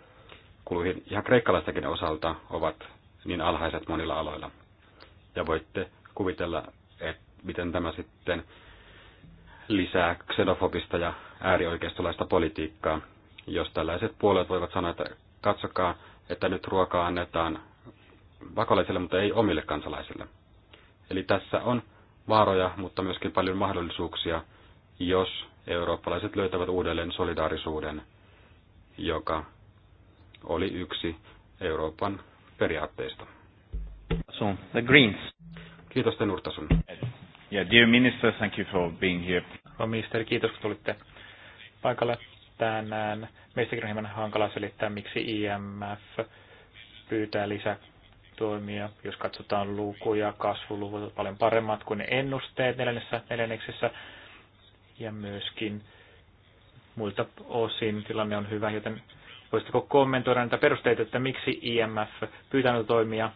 kuluihin ihan kreikkalaistakin osalta ovat niin alhaiset monilla aloilla. Ja voitte kuvitella, että miten tämä sitten lisää xenofobista ja äärioikeistolaista politiikkaa, jos tällaiset puolueet voivat sanoa, että katsokaa, että nyt ruokaa annetaan pakolaisille, mutta ei omille kansalaisille. Eli tässä on vaaroja, mutta myöskin paljon mahdollisuuksia, jos eurooppalaiset löytävät uudelleen solidaarisuuden, joka oli yksi Euroopan periaatteista. The Greens. Kiitos te Nurtasun. Yeah, dear minister, thank you for being here. No, ministeri, kiitos kun tulitte paikalle tänään. Meistäkin on hieman hankala selittää, miksi IMF pyytää lisää toimia. Jos katsotaan lukuja, kasvuluvut ovat paljon paremmat kuin ennusteet neljännessä neljänneksessä. Ja myöskin muilta osin tilanne on hyvä, joten voisitteko kommentoida näitä perusteita, että miksi IMF pyytää näitä toimia,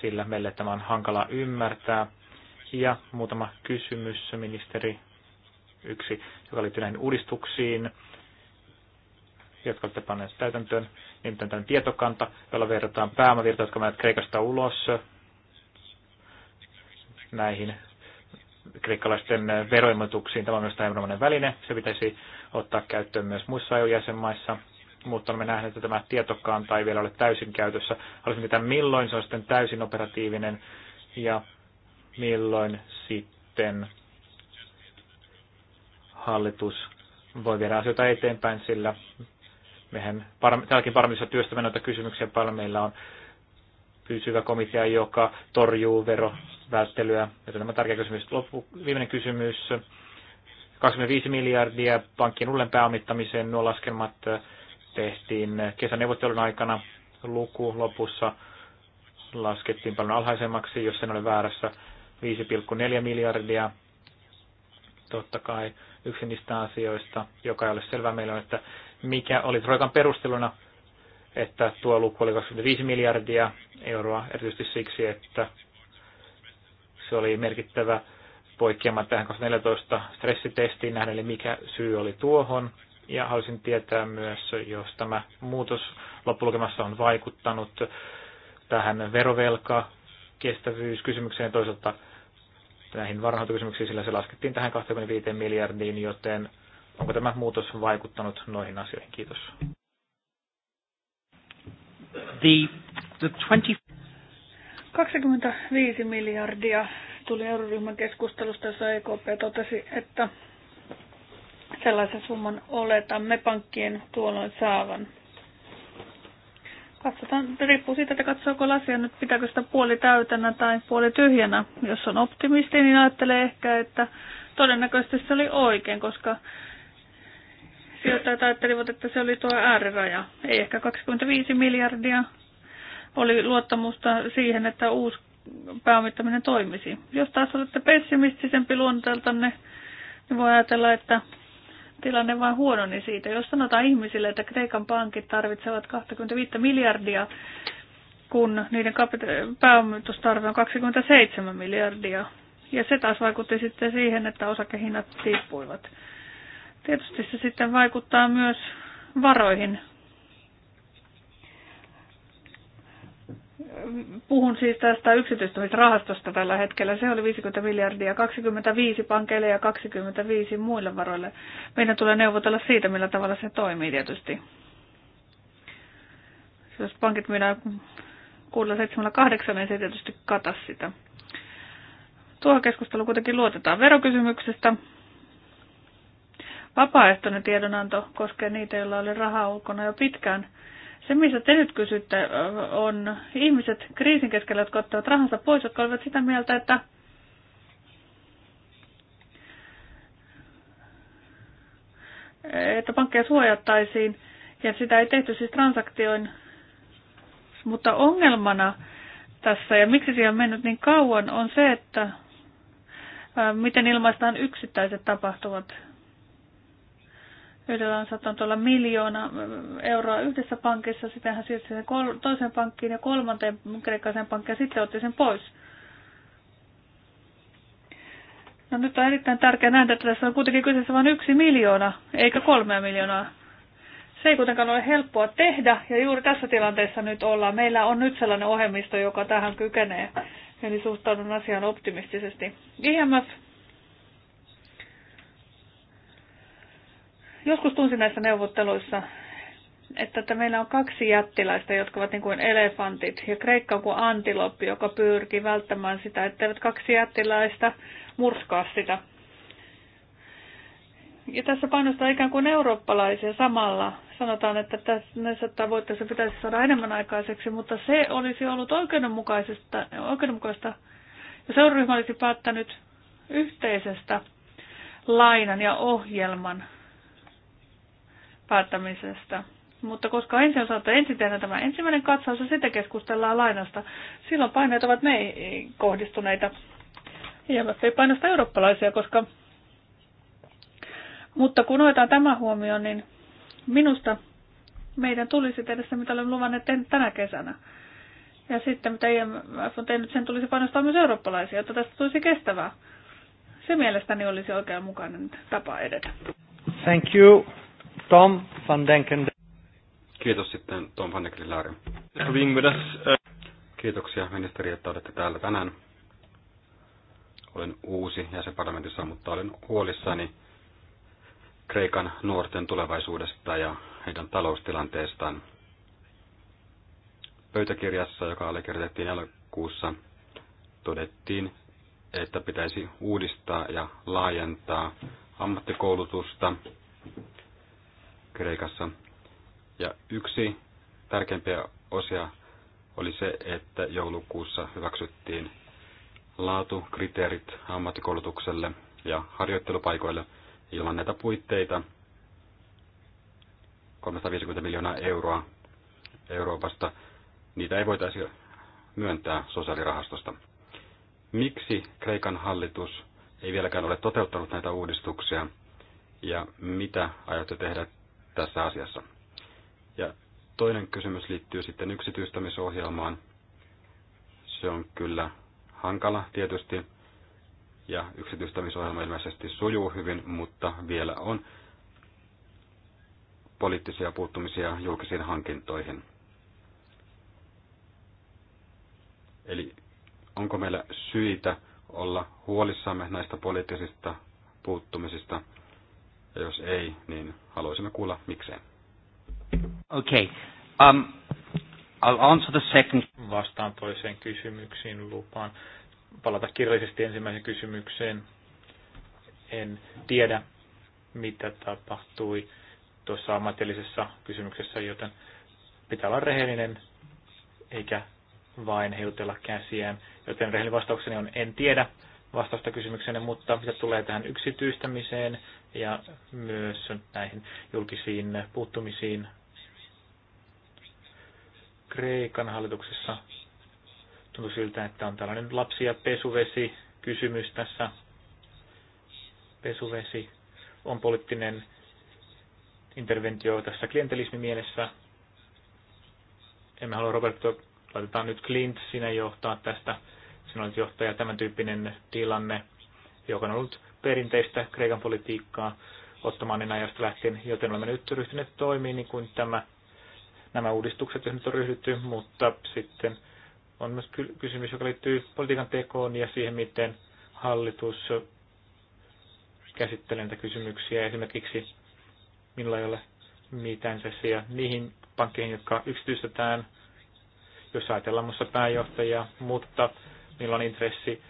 sillä meille tämä on hankala ymmärtää. Ja muutama kysymys, ministeri. Yksi, joka liittyy näihin uudistuksiin jotka olette panneet täytäntöön, niin tämä tietokanta, jolla verrataan pääomavirta, jotka menevät Kreikasta ulos näihin kreikkalaisten veroilmoituksiin. Tämä on myös tämä väline. Se pitäisi ottaa käyttöön myös muissa EU-jäsenmaissa mutta olemme nähneet, että tämä tietokanta ei vielä ole täysin käytössä. Haluaisin tietää, milloin se on sitten täysin operatiivinen ja milloin sitten hallitus voi viedä asioita eteenpäin, sillä mehän täälläkin parlamentissa työstämme noita kysymyksiä paljon. Meillä on pysyvä komitea, joka torjuu verovälttelyä. Joten on tärkeä kysymys. Loppu, viimeinen kysymys. 25 miljardia pankkien uuden pääomittamiseen. Nuo laskelmat äh, tehtiin neuvottelun aikana. Luku lopussa laskettiin paljon alhaisemmaksi, jos sen oli väärässä. 5,4 miljardia. Totta kai yksi niistä asioista, joka ei ole selvää meillä on, että mikä oli Troikan perusteluna, että tuo luku oli 25 miljardia euroa, erityisesti siksi, että se oli merkittävä poikkeama tähän 2014 stressitestiin nähden, eli mikä syy oli tuohon. Ja haluaisin tietää myös, jos tämä muutos loppulukemassa on vaikuttanut tähän verovelka kestävyyskysymykseen toisaalta näihin varhaintokysymyksiin, sillä se laskettiin tähän 25 miljardiin, joten Onko tämä muutos vaikuttanut noihin asioihin? Kiitos. The, the 20... 25 miljardia tuli euroryhmän keskustelusta, jossa EKP totesi, että sellaisen summan oletamme pankkien tuolloin saavan. Katsotaan, riippuu siitä, että katsooko lasia nyt, pitääkö sitä puoli täytänä tai puoli tyhjänä. Jos on optimisti, niin ajattelee ehkä, että todennäköisesti se oli oikein, koska sijoittajat ajattelivat, että se oli tuo ääriraja. Ei ehkä 25 miljardia oli luottamusta siihen, että uusi pääomittaminen toimisi. Jos taas olette pessimistisempi luonteeltanne, niin voi ajatella, että tilanne vain huononi siitä. Jos sanotaan ihmisille, että Kreikan pankit tarvitsevat 25 miljardia, kun niiden pääomitustarve on 27 miljardia. Ja se taas vaikutti sitten siihen, että osakehinnat tippuivat. Tietysti se sitten vaikuttaa myös varoihin. Puhun siis tästä yksityistämisrahastosta tällä hetkellä. Se oli 50 miljardia, 25 pankeille ja 25 muille varoille. Meidän tulee neuvotella siitä, millä tavalla se toimii tietysti. Jos pankit myydään 6,78, niin se tietysti kata sitä. Tuohon keskustelu kuitenkin luotetaan verokysymyksestä. Vapaaehtoinen tiedonanto koskee niitä, joilla oli rahaa ulkona jo pitkään. Se, missä te nyt kysytte, on ihmiset kriisin keskellä, jotka ottavat rahansa pois, jotka olivat sitä mieltä, että että pankkeja suojattaisiin ja sitä ei tehty siis transaktioin. Mutta ongelmana tässä ja miksi siihen on mennyt niin kauan on se, että miten ilmaistaan yksittäiset tapahtuvat Yhdellä on saattanut olla miljoona äh, euroa yhdessä pankissa, sitten hän siirsi sen toiseen pankkiin ja kolmanteen kreikkaiseen pankkiin ja sitten otti sen pois. No nyt on erittäin tärkeää nähdä, että tässä on kuitenkin kyseessä vain yksi miljoona, eikä kolmea miljoonaa. Se ei kuitenkaan ole helppoa tehdä, ja juuri tässä tilanteessa nyt ollaan. Meillä on nyt sellainen ohjelmisto, joka tähän kykenee, eli suhtaudun asiaan optimistisesti. IMF Joskus tunsin näissä neuvotteluissa, että, että meillä on kaksi jättiläistä, jotka ovat niin kuin elefantit, ja Kreikka on kuin antiloppi, joka pyrkii välttämään sitä, etteivät kaksi jättiläistä murskaa sitä. Ja tässä painostaa ikään kuin eurooppalaisia samalla. Sanotaan, että tässä, näissä tavoitteissa pitäisi saada enemmän aikaiseksi, mutta se olisi ollut oikeudenmukaisesta, oikeudenmukaista, jos euroryhmä olisi päättänyt yhteisestä lainan ja ohjelman päättämisestä. Mutta koska ensin osalta ensin tehdään tämä ensimmäinen katsaus ja sitten keskustellaan lainasta, silloin paineet ovat meihin kohdistuneita. IMF ei painosta eurooppalaisia, koska... Mutta kun otetaan tämä huomioon, niin minusta meidän tulisi tehdä se, mitä olemme luvanneet tänä kesänä. Ja sitten mitä IMF on tehnyt, sen tulisi painostaa myös eurooppalaisia, jotta tästä tulisi kestävää. Se mielestäni olisi oikeanmukainen tapa edetä. Thank you. Tom van Denken. Kiitos sitten Tom van Denken äh, Kiitoksia ministeri, että olette täällä tänään. Olen uusi jäsenparlamentissa, mutta olen huolissani Kreikan nuorten tulevaisuudesta ja heidän taloustilanteestaan. Pöytäkirjassa, joka allekirjoitettiin elokuussa, todettiin, että pitäisi uudistaa ja laajentaa ammattikoulutusta Kreikassa. Ja yksi tärkeimpiä osia oli se, että joulukuussa hyväksyttiin laatukriteerit ammattikoulutukselle ja harjoittelupaikoille ilman näitä puitteita. 350 miljoonaa euroa Euroopasta, niitä ei voitaisi myöntää sosiaalirahastosta. Miksi Kreikan hallitus ei vieläkään ole toteuttanut näitä uudistuksia ja mitä aiotte tehdä tässä asiassa. Ja toinen kysymys liittyy sitten yksityistämisohjelmaan. Se on kyllä hankala tietysti, ja yksityistämisohjelma ilmeisesti sujuu hyvin, mutta vielä on poliittisia puuttumisia julkisiin hankintoihin. Eli onko meillä syitä olla huolissamme näistä poliittisista puuttumisista – ja jos ei, niin haluaisimme kuulla miksei. Okei. Okay. Um, I'll answer the second. Vastaan toiseen kysymyksiin lupaan. Palata kirjallisesti ensimmäiseen kysymykseen. En tiedä, mitä tapahtui tuossa ammatillisessa kysymyksessä, joten pitää olla rehellinen, eikä vain heutella käsiään. Joten rehellinen vastaukseni on en tiedä, vastausta kysymykseen, mutta mitä tulee tähän yksityistämiseen ja myös näihin julkisiin puuttumisiin Kreikan hallituksessa tuntuu siltä, että on tällainen lapsia pesuvesi kysymys tässä. Pesuvesi on poliittinen interventio tässä mielessä. Emme halua Roberto, laitetaan nyt Clint sinä johtaa tästä sinä tämän tyyppinen tilanne, joka on ollut perinteistä Kreikan politiikkaa Ottomanin niin ajasta lähtien, joten olemme nyt ryhtyneet toimiin niin kuin tämä, nämä uudistukset, joihin nyt on ryhdytty, mutta sitten on myös kysymys, joka liittyy politiikan tekoon ja siihen, miten hallitus käsittelee näitä kysymyksiä. Esimerkiksi minulla ei ole mitään sessia niihin pankkeihin, jotka yksityistetään, jos ajatellaan muussa pääjohtajaa, mutta niillä on intressi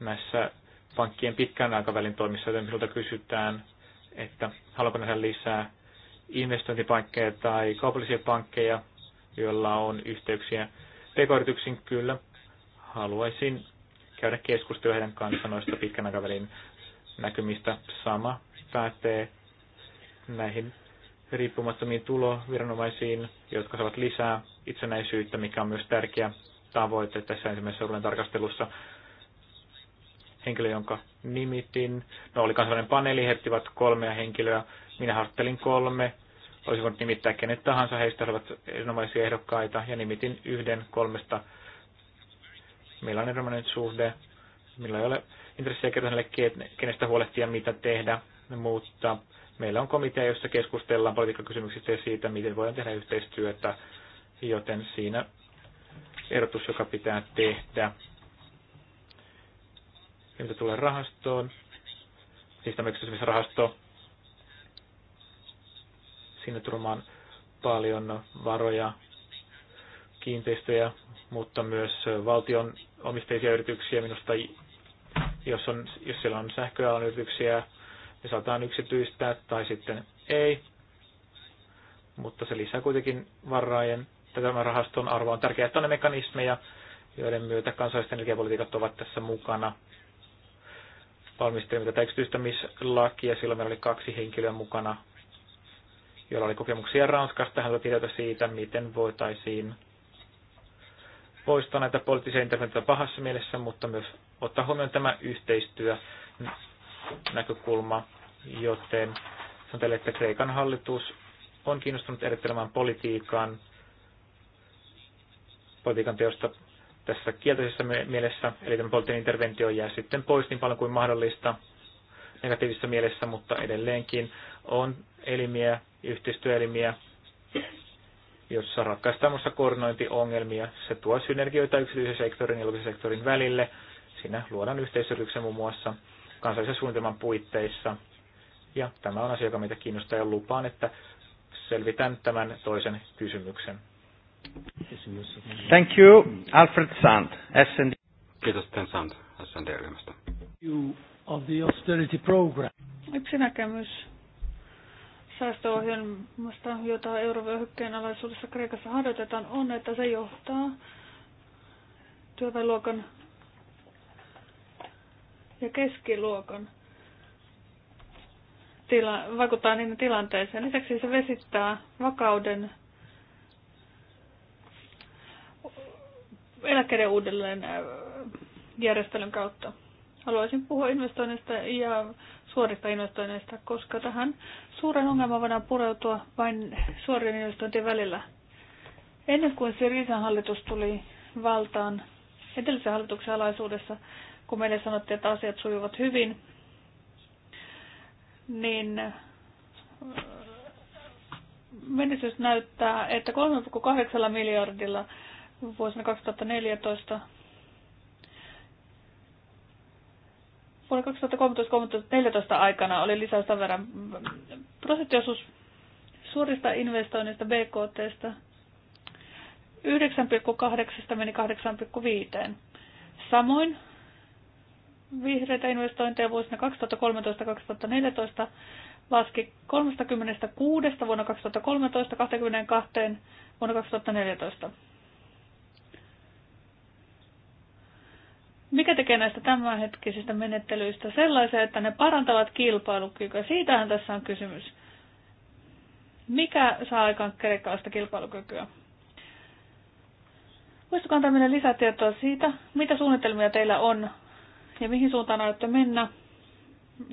näissä pankkien pitkän aikavälin toimissa, joten minulta kysytään, että haluanko nähdä lisää investointipankkeja tai kaupallisia pankkeja, joilla on yhteyksiä pk kyllä. Haluaisin käydä keskustelua heidän kanssaan noista pitkän aikavälin näkymistä. Sama päättee näihin riippumattomiin tuloviranomaisiin, jotka saavat lisää itsenäisyyttä, mikä on myös tärkeä tavoite tässä ensimmäisessä uuden tarkastelussa. Henkilö, jonka nimitin, no oli kansainvälinen paneeli, he ottivat kolmea henkilöä, minä harttelin kolme, olisi voinut nimittää kenet tahansa, heistä olivat erinomaisia ehdokkaita, ja nimitin yhden kolmesta. Meillä on erinomainen suhde, Meillä ei ole intressiä kertoa hänelle, kenestä huolehtia, mitä tehdä, mutta meillä on komitea, jossa keskustellaan politiikkakysymyksistä ja siitä, miten voidaan tehdä yhteistyötä, joten siinä erotus, joka pitää tehdä. Ja mitä tulee rahastoon, siis tämä rahasto, sinne turmaan paljon varoja, kiinteistöjä, mutta myös valtion omisteisia yrityksiä. Minusta jos, on, jos siellä on sähköalan yrityksiä, ne saataan yksityistää tai sitten ei. Mutta se lisää kuitenkin varojen tämä rahaston arvo on tärkeää, että on ne mekanismeja, joiden myötä kansalliset energiapolitiikat ovat tässä mukana. Valmistelimme tätä yksityistämislakia, silloin meillä oli kaksi henkilöä mukana, joilla oli kokemuksia Ranskasta. Hän oli siitä, miten voitaisiin poistaa näitä poliittisia interventioita pahassa mielessä, mutta myös ottaa huomioon tämä yhteistyö näkökulma, joten sanotaan, että Kreikan hallitus on kiinnostunut erittelemään politiikan politiikan teosta tässä kielteisessä mielessä, eli tämä poliittinen interventio jää sitten pois niin paljon kuin mahdollista negatiivisessa mielessä, mutta edelleenkin on elimiä, yhteistyöelimiä, jossa ratkaistaan muassa koordinointiongelmia. Se tuo synergioita yksityisen sektorin ja julkisen sektorin välille. Siinä luodaan yhteisyrityksen muun muassa kansallisen suunnitelman puitteissa. Ja tämä on asia, joka meitä kiinnostaa ja lupaan, että selvitän tämän toisen kysymyksen. Thank you, Alfred Sand, SND. Kiitos, Ben Sand, SND-ryhmästä. Of the austerity program. Yksi näkemys säästöohjelmasta, jota eurovyöhykkeen alaisuudessa Kreikassa harjoitetaan, on, että se johtaa työväenluokan ja keskiluokan tila- vaikuttaa niiden tilanteeseen. Lisäksi se vesittää vakauden eläkkeiden uudelleen äh, järjestelyn kautta. Haluaisin puhua investoinnista ja suorista investoinneista, koska tähän suuren ongelman voidaan pureutua vain suorien investointien välillä. Ennen kuin Sirisan hallitus tuli valtaan edellisen hallituksen alaisuudessa, kun meille sanottiin, että asiat sujuvat hyvin, niin äh, menestys näyttää, että 3,8 miljardilla vuosina 2014 vuonna 2013-2014 aikana oli lisäys tämän verran prosenttiosuus suorista investoinnista BKTstä 9,8 meni 8,5. Samoin vihreitä investointeja vuosina 2013-2014 laski 36 vuonna 2013 22 vuonna 2014. mikä tekee näistä tämänhetkisistä menettelyistä sellaisia, että ne parantavat kilpailukykyä? Siitähän tässä on kysymys. Mikä saa aikaan kerekkalaista kilpailukykyä? Muistakaa tämmöinen lisätietoa siitä, mitä suunnitelmia teillä on ja mihin suuntaan aiotte mennä?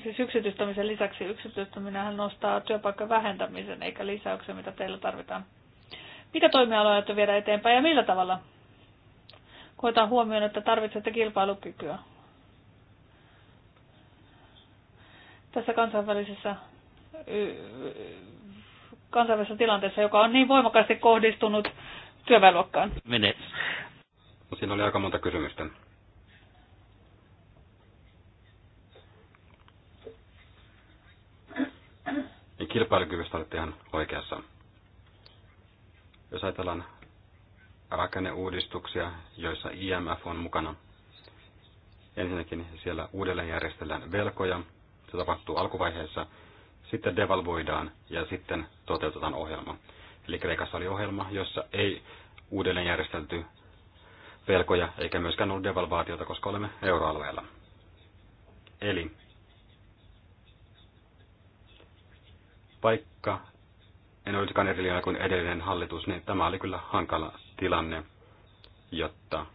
Siis yksityistämisen lisäksi yksityistäminenhän nostaa työpaikan vähentämisen eikä lisäyksen, mitä teillä tarvitaan. Mitä toimialoja aiotte viedä eteenpäin ja millä tavalla? koetaan huomioon, että tarvitsette kilpailukykyä. Tässä kansainvälisessä, kansainvälisessä tilanteessa, joka on niin voimakkaasti kohdistunut työväenluokkaan. Mene. No, siinä oli aika monta kysymystä. Kilpailukyvystä olette ihan oikeassa. Jos ajatellaan rakenneuudistuksia, joissa IMF on mukana. Ensinnäkin siellä uudelleen järjestellään velkoja, se tapahtuu alkuvaiheessa, sitten devalvoidaan ja sitten toteutetaan ohjelma. Eli Kreikassa oli ohjelma, jossa ei uudelleen järjestelty velkoja eikä myöskään ollut devalvaatiota, koska olemme euroalueella. Eli vaikka en olisikaan erilainen kuin edellinen hallitus, niin tämä oli kyllä hankala tilanne, jotta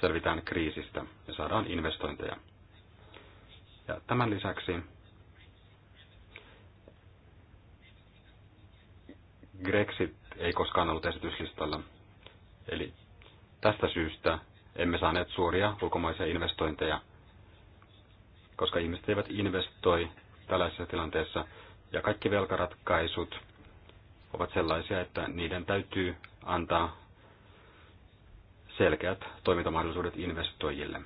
selvitään kriisistä ja saadaan investointeja. Ja tämän lisäksi Grexit ei koskaan ollut esityslistalla. Eli tästä syystä emme saaneet suoria ulkomaisia investointeja, koska ihmiset eivät investoi tällaisessa tilanteessa. Ja kaikki velkaratkaisut ovat sellaisia, että niiden täytyy antaa selkeät toimintamahdollisuudet investoijille.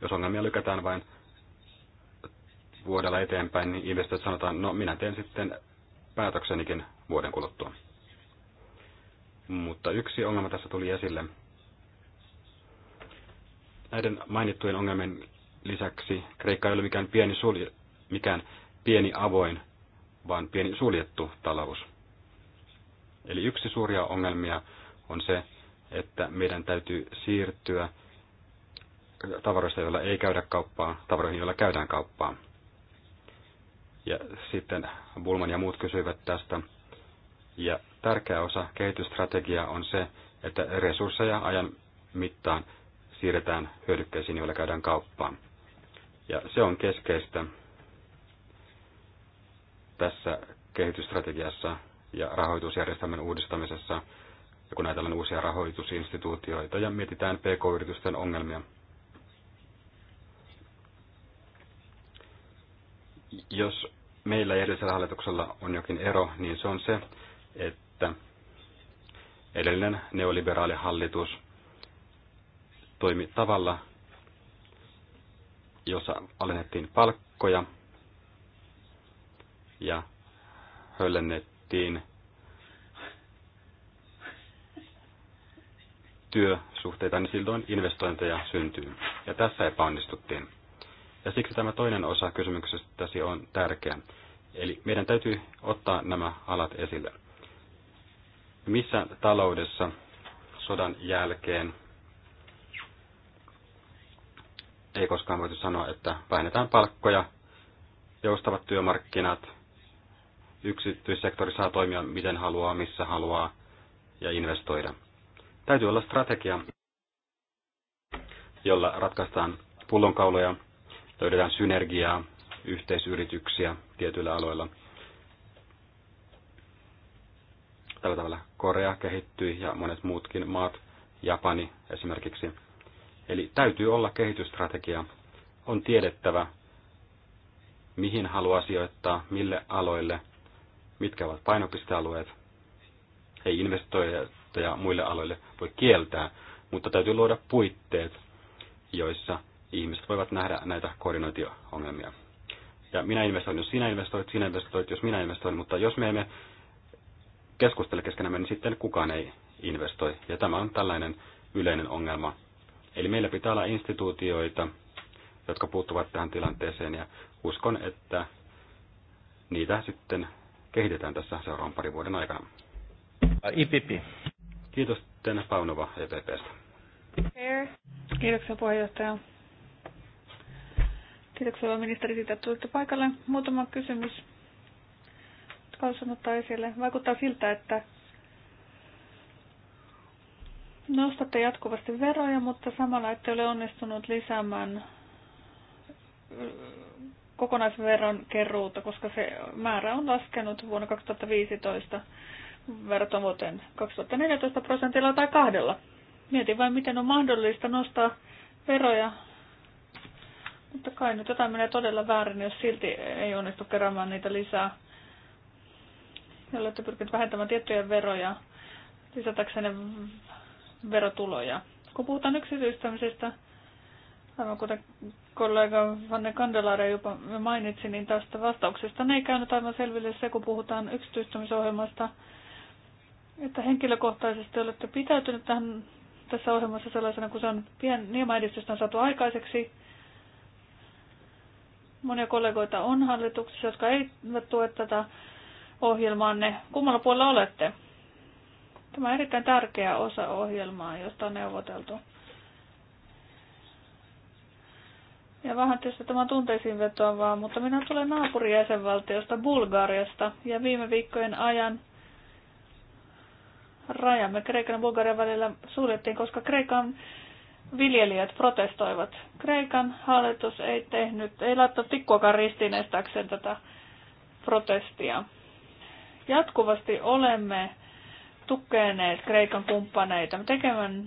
Jos ongelmia lykätään vain vuodella eteenpäin, niin investoijat sanotaan, no minä teen sitten päätöksenikin vuoden kuluttua. Mutta yksi ongelma tässä tuli esille. Näiden mainittujen ongelmien lisäksi Kreikka ei ole mikään pieni, sulje, mikään pieni avoin, vaan pieni suljettu talous. Eli yksi suuria ongelmia on se, että meidän täytyy siirtyä tavaroista, joilla ei käydä kauppaa, tavaroihin, joilla käydään kauppaa. Ja sitten Bulman ja muut kysyivät tästä. Ja tärkeä osa kehitysstrategiaa on se, että resursseja ajan mittaan siirretään hyödykkeisiin, joilla käydään kauppaa. Ja se on keskeistä tässä kehitysstrategiassa ja rahoitusjärjestelmän uudistamisessa ja kun ajatellaan uusia rahoitusinstituutioita ja mietitään pk-yritysten ongelmia. Jos meillä ja edellisellä hallituksella on jokin ero, niin se on se, että edellinen neoliberaali hallitus toimi tavalla, jossa alennettiin palkkoja ja höllennettiin työsuhteita, niin silloin investointeja syntyy. Ja tässä epäonnistuttiin. Ja siksi tämä toinen osa kysymyksestäsi on tärkeä. Eli meidän täytyy ottaa nämä alat esille. Missä taloudessa sodan jälkeen ei koskaan voitu sanoa, että vähennetään palkkoja, joustavat työmarkkinat, yksityissektori saa toimia miten haluaa, missä haluaa ja investoida. Täytyy olla strategia, jolla ratkaistaan pullonkauloja, löydetään synergiaa, yhteisyrityksiä tietyillä aloilla. Tällä tavalla Korea kehittyi ja monet muutkin maat, Japani esimerkiksi. Eli täytyy olla kehitysstrategia. On tiedettävä, mihin haluaa sijoittaa, mille aloille, mitkä ovat painopistealueet. He investoivat kontakteja muille aloille voi kieltää, mutta täytyy luoda puitteet, joissa ihmiset voivat nähdä näitä koordinointiongelmia. Ja minä investoin, jos sinä investoit, sinä investoit, jos minä investoin, mutta jos me emme keskustele keskenämme, niin sitten kukaan ei investoi. Ja tämä on tällainen yleinen ongelma. Eli meillä pitää olla instituutioita, jotka puuttuvat tähän tilanteeseen ja uskon, että niitä sitten kehitetään tässä seuraavan parin vuoden aikana. IPP. Kiitos Tena Paunova EPPstä. Kiitoksia puheenjohtaja. Kiitoksia ministeri siitä, että tulitte paikalle. Muutama kysymys haluaisin ottaa esille. Vaikuttaa siltä, että nostatte jatkuvasti veroja, mutta samalla ette ole onnistunut lisäämään kokonaisveron keruuta, koska se määrä on laskenut vuonna 2015 verrattuna vuoteen 2014 prosentilla tai kahdella. Mietin vain, miten on mahdollista nostaa veroja. Mutta kai nyt jotain menee todella väärin, jos silti ei onnistu keräämään niitä lisää. Ja olette pyrkineet vähentämään tiettyjä veroja lisätäksenne verotuloja. Kun puhutaan yksityistämisestä, aivan kuten kollega Vanne Kandelaare jopa mainitsi, niin tästä vastauksesta ne ei käynyt aivan selville se, kun puhutaan yksityistämisohjelmasta – että henkilökohtaisesti olette pitäytynyt tähän, tässä ohjelmassa sellaisena, kun se on pien, niin edistystä on saatu aikaiseksi. Monia kollegoita on hallituksessa, jotka eivät tue tätä ohjelmaanne. Kummalla puolella olette? Tämä on erittäin tärkeä osa ohjelmaa, josta on neuvoteltu. Ja vähän tietysti tämä tunteisiin vetoavaa, mutta minä tulen naapurijäsenvaltiosta Bulgariasta ja viime viikkojen ajan rajamme Kreikan ja Bulgarian välillä suljettiin, koska Kreikan viljelijät protestoivat. Kreikan hallitus ei tehnyt, ei laittanut tikkuakaan ristiin estääkseen tätä protestia. Jatkuvasti olemme tukeneet Kreikan kumppaneita. Me teemme,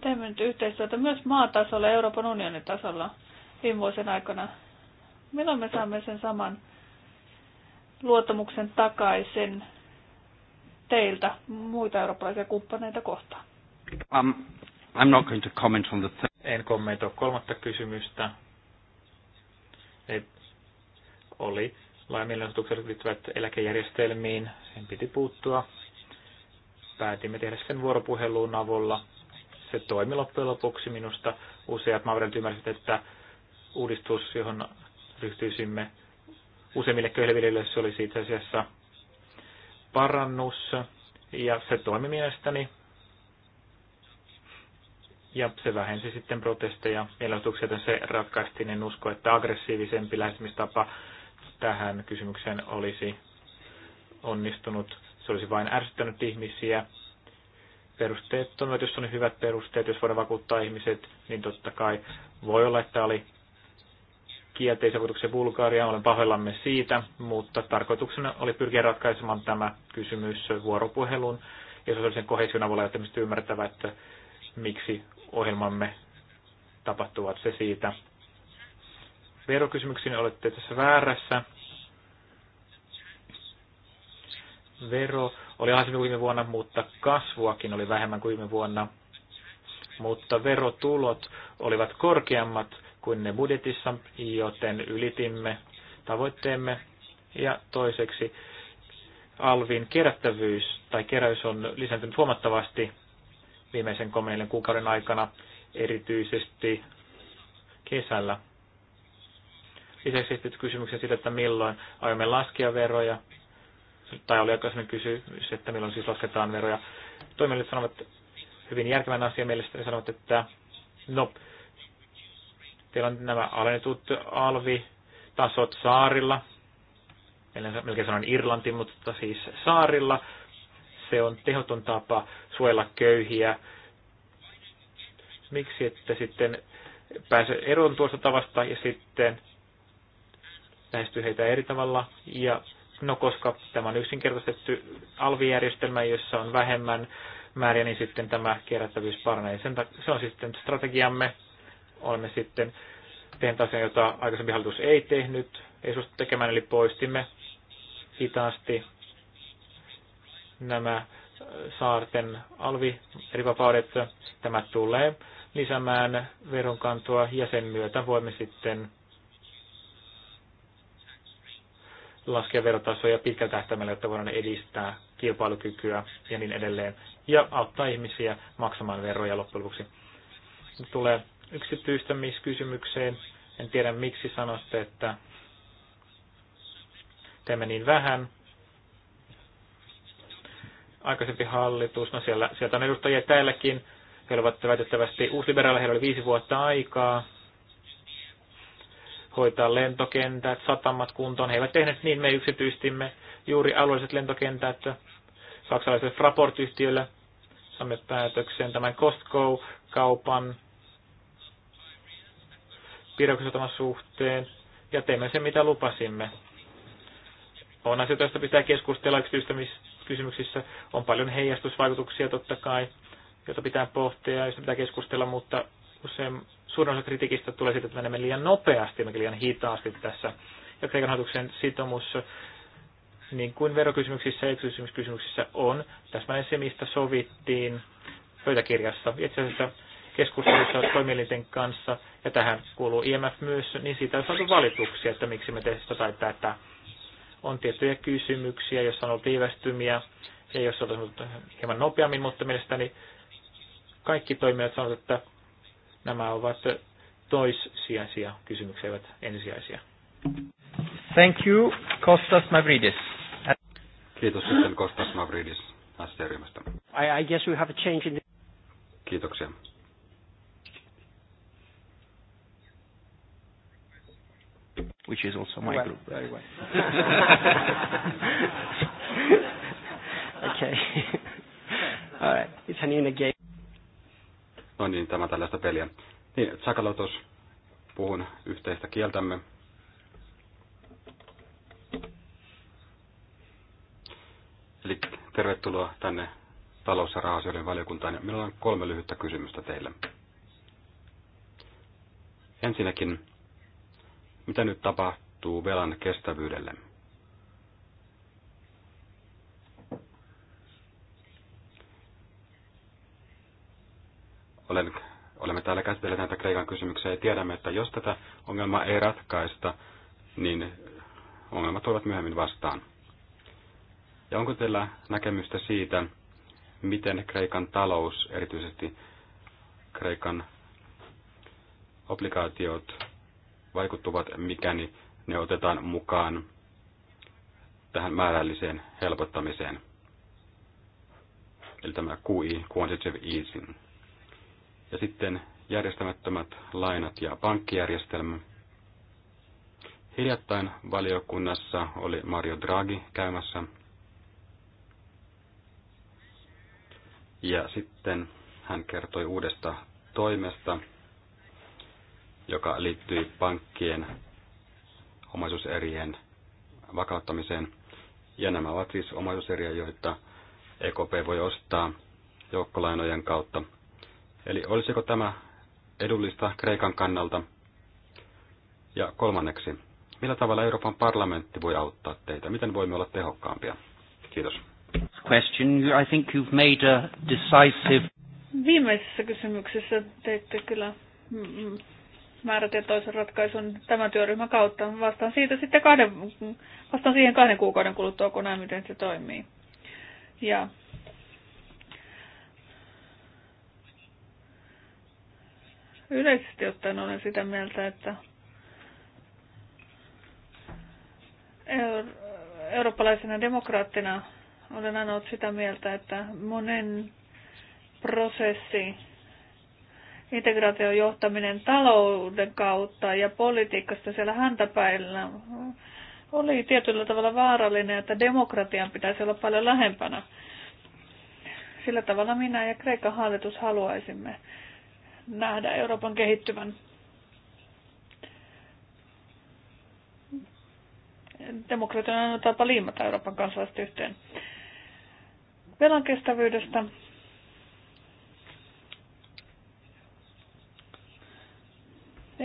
teemme nyt yhteistyötä myös maatasolla ja Euroopan unionin tasolla viime vuosien aikana. Milloin me saamme sen saman luottamuksen takaisin teiltä muita eurooppalaisia kumppaneita kohtaan? Um, I'm not going to comment on the th- en kommentoi kolmatta kysymystä. Et oli lainmielenosoitukset liittyvät eläkejärjestelmiin, sen piti puuttua. Päätimme tehdä sen vuoropuhelun avulla. Se toimi loppujen lopuksi minusta. Useat maavarat ymmärsivät, että uudistus, johon ryhtyisimme useimmille köyhille se olisi itse asiassa parannus ja se toimi mielestäni. Ja se vähensi sitten protesteja mielenotuksia, joten se ratkaistiin. En usko, että aggressiivisempi lähestymistapa tähän kysymykseen olisi onnistunut. Se olisi vain ärsyttänyt ihmisiä. Perusteet, jos on hyvät perusteet, jos voidaan vakuuttaa ihmiset, niin totta kai voi olla, että oli kielteisiä vaikutuksia Bulgaria, olen pahoillamme siitä, mutta tarkoituksena oli pyrkiä ratkaisemaan tämä kysymys vuoropuhelun ja sosiaalisen kohesion avulla, jotta ihmiset ymmärtävät, että miksi ohjelmamme tapahtuvat se siitä. Verokysymyksiin olette tässä väärässä. Vero oli aiemmin kuin viime vuonna, mutta kasvuakin oli vähemmän kuin viime vuonna. Mutta verotulot olivat korkeammat kuin ne budjetissa, joten ylitimme tavoitteemme. Ja toiseksi alvin kerättävyys tai keräys on lisääntynyt huomattavasti viimeisen komeilen kuukauden aikana, erityisesti kesällä. Lisäksi sitten kysymyksen siitä, että milloin aiomme laskea veroja, tai oli aikaisemmin kysymys, että milloin siis lasketaan veroja. Toimijat sanovat hyvin järkevän asian mielestäni, sanovat, että no, Teillä on nämä alennetut alvitasot saarilla. Melkein sanon Irlanti, mutta siis saarilla. Se on tehoton tapa suojella köyhiä. Miksi että sitten pääse eroon tuosta tavasta ja sitten lähestyy heitä eri tavalla. Ja no koska tämä on yksinkertaistettu alvijärjestelmä, jossa on vähemmän määriä, niin sitten tämä kierrättävyys paranee. se on siis sitten strategiamme olemme sitten tehneet asian, jota aikaisempi hallitus ei tehnyt, ei suostu tekemään, eli poistimme hitaasti nämä äh, saarten alviverivapaudet. Tämä tulee lisäämään veronkantoa ja sen myötä voimme sitten laskea verotasoja pitkällä tähtäimellä, jotta voidaan edistää kilpailukykyä ja niin edelleen, ja auttaa ihmisiä maksamaan veroja loppujen lopuksi. Tulee yksityistämiskysymykseen. En tiedä, miksi sanotte, että teemme niin vähän. Aikaisempi hallitus, no siellä, sieltä on edustajia täälläkin, he olivat väitettävästi uusliberaaleja, heillä oli viisi vuotta aikaa hoitaa lentokentät, satamat kuntoon. He eivät tehneet niin, me yksityistimme juuri alueelliset lentokentät saksalaiselle Fraport-yhtiölle. Saamme päätöksen tämän Costco-kaupan piirauksisataman suhteen ja teemme sen, mitä lupasimme. On asioita, joista pitää keskustella yksityistämiskysymyksissä. On paljon heijastusvaikutuksia totta kai, joita pitää pohtia ja joista pitää keskustella, mutta usein suurin osa kritiikistä tulee siitä, että menemme liian nopeasti, emmekä liian hitaasti tässä. Ja Kreikan hallituksen sitomus, niin kuin verokysymyksissä ja yksityistämiskysymyksissä on, täsmälleen se, mistä sovittiin pöytäkirjassa. Itse asiassa keskustelussa toimielinten kanssa, ja tähän kuuluu IMF myös, niin siitä on saatu valituksia, että miksi me tehdään sitä tai tätä. On tiettyjä kysymyksiä, joissa on ollut viivästymiä, ja jos on ollut hieman nopeammin, mutta mielestäni kaikki toimijat sanovat, että nämä ovat toissijaisia kysymyksiä, eivät ensisijaisia. Thank you, Kostas Mavridis. Kiitos sitten Kostas Mavridis I, I guess we have a change in the... Kiitoksia. which is also my well, group. Very well. okay. All right. It's an in a game. No niin, tämä tällaista peliä. Niin, Tsakalotos, puhun yhteistä kieltämme. Eli tervetuloa tänne talous- ja rahasioiden valiokuntaan. Minulla on kolme lyhyttä kysymystä teille. Ensinnäkin, mitä nyt tapahtuu velan kestävyydelle? Olen, olemme täällä käsitelleet näitä Kreikan kysymyksiä ja tiedämme, että jos tätä ongelmaa ei ratkaista, niin ongelmat tulevat myöhemmin vastaan. Ja onko teillä näkemystä siitä, miten Kreikan talous, erityisesti Kreikan obligaatiot, vaikuttuvat, mikäni niin ne otetaan mukaan tähän määrälliseen helpottamiseen. Eli tämä QI, Quantitative Easing. Ja sitten järjestämättömät lainat ja pankkijärjestelmä. Hiljattain valiokunnassa oli Mario Draghi käymässä. Ja sitten hän kertoi uudesta toimesta, joka liittyi pankkien omaisuuserien vakauttamiseen. Ja nämä ovat siis omaisuuseriä, joita EKP voi ostaa joukkolainojen kautta. Eli olisiko tämä edullista Kreikan kannalta? Ja kolmanneksi, millä tavalla Euroopan parlamentti voi auttaa teitä? Miten voimme olla tehokkaampia? Kiitos. Question. I think you've made a decisive... Viimeisessä kysymyksessä teitte kyllä määrätietoisen ratkaisun tämän työryhmän kautta. Vastaan, siitä sitten kahden, vastaan siihen kahden kuukauden kuluttua, kun näin miten se toimii. Ja yleisesti ottaen olen sitä mieltä, että euro- eurooppalaisena demokraattina olen aina ollut sitä mieltä, että monen prosessi integraation johtaminen talouden kautta ja politiikasta siellä häntäpäillä oli tietyllä tavalla vaarallinen, että demokratian pitäisi olla paljon lähempänä. Sillä tavalla minä ja Kreikan hallitus haluaisimme nähdä Euroopan kehittyvän. Demokratia on tapa liimata Euroopan kansalaiset yhteen. Velan kestävyydestä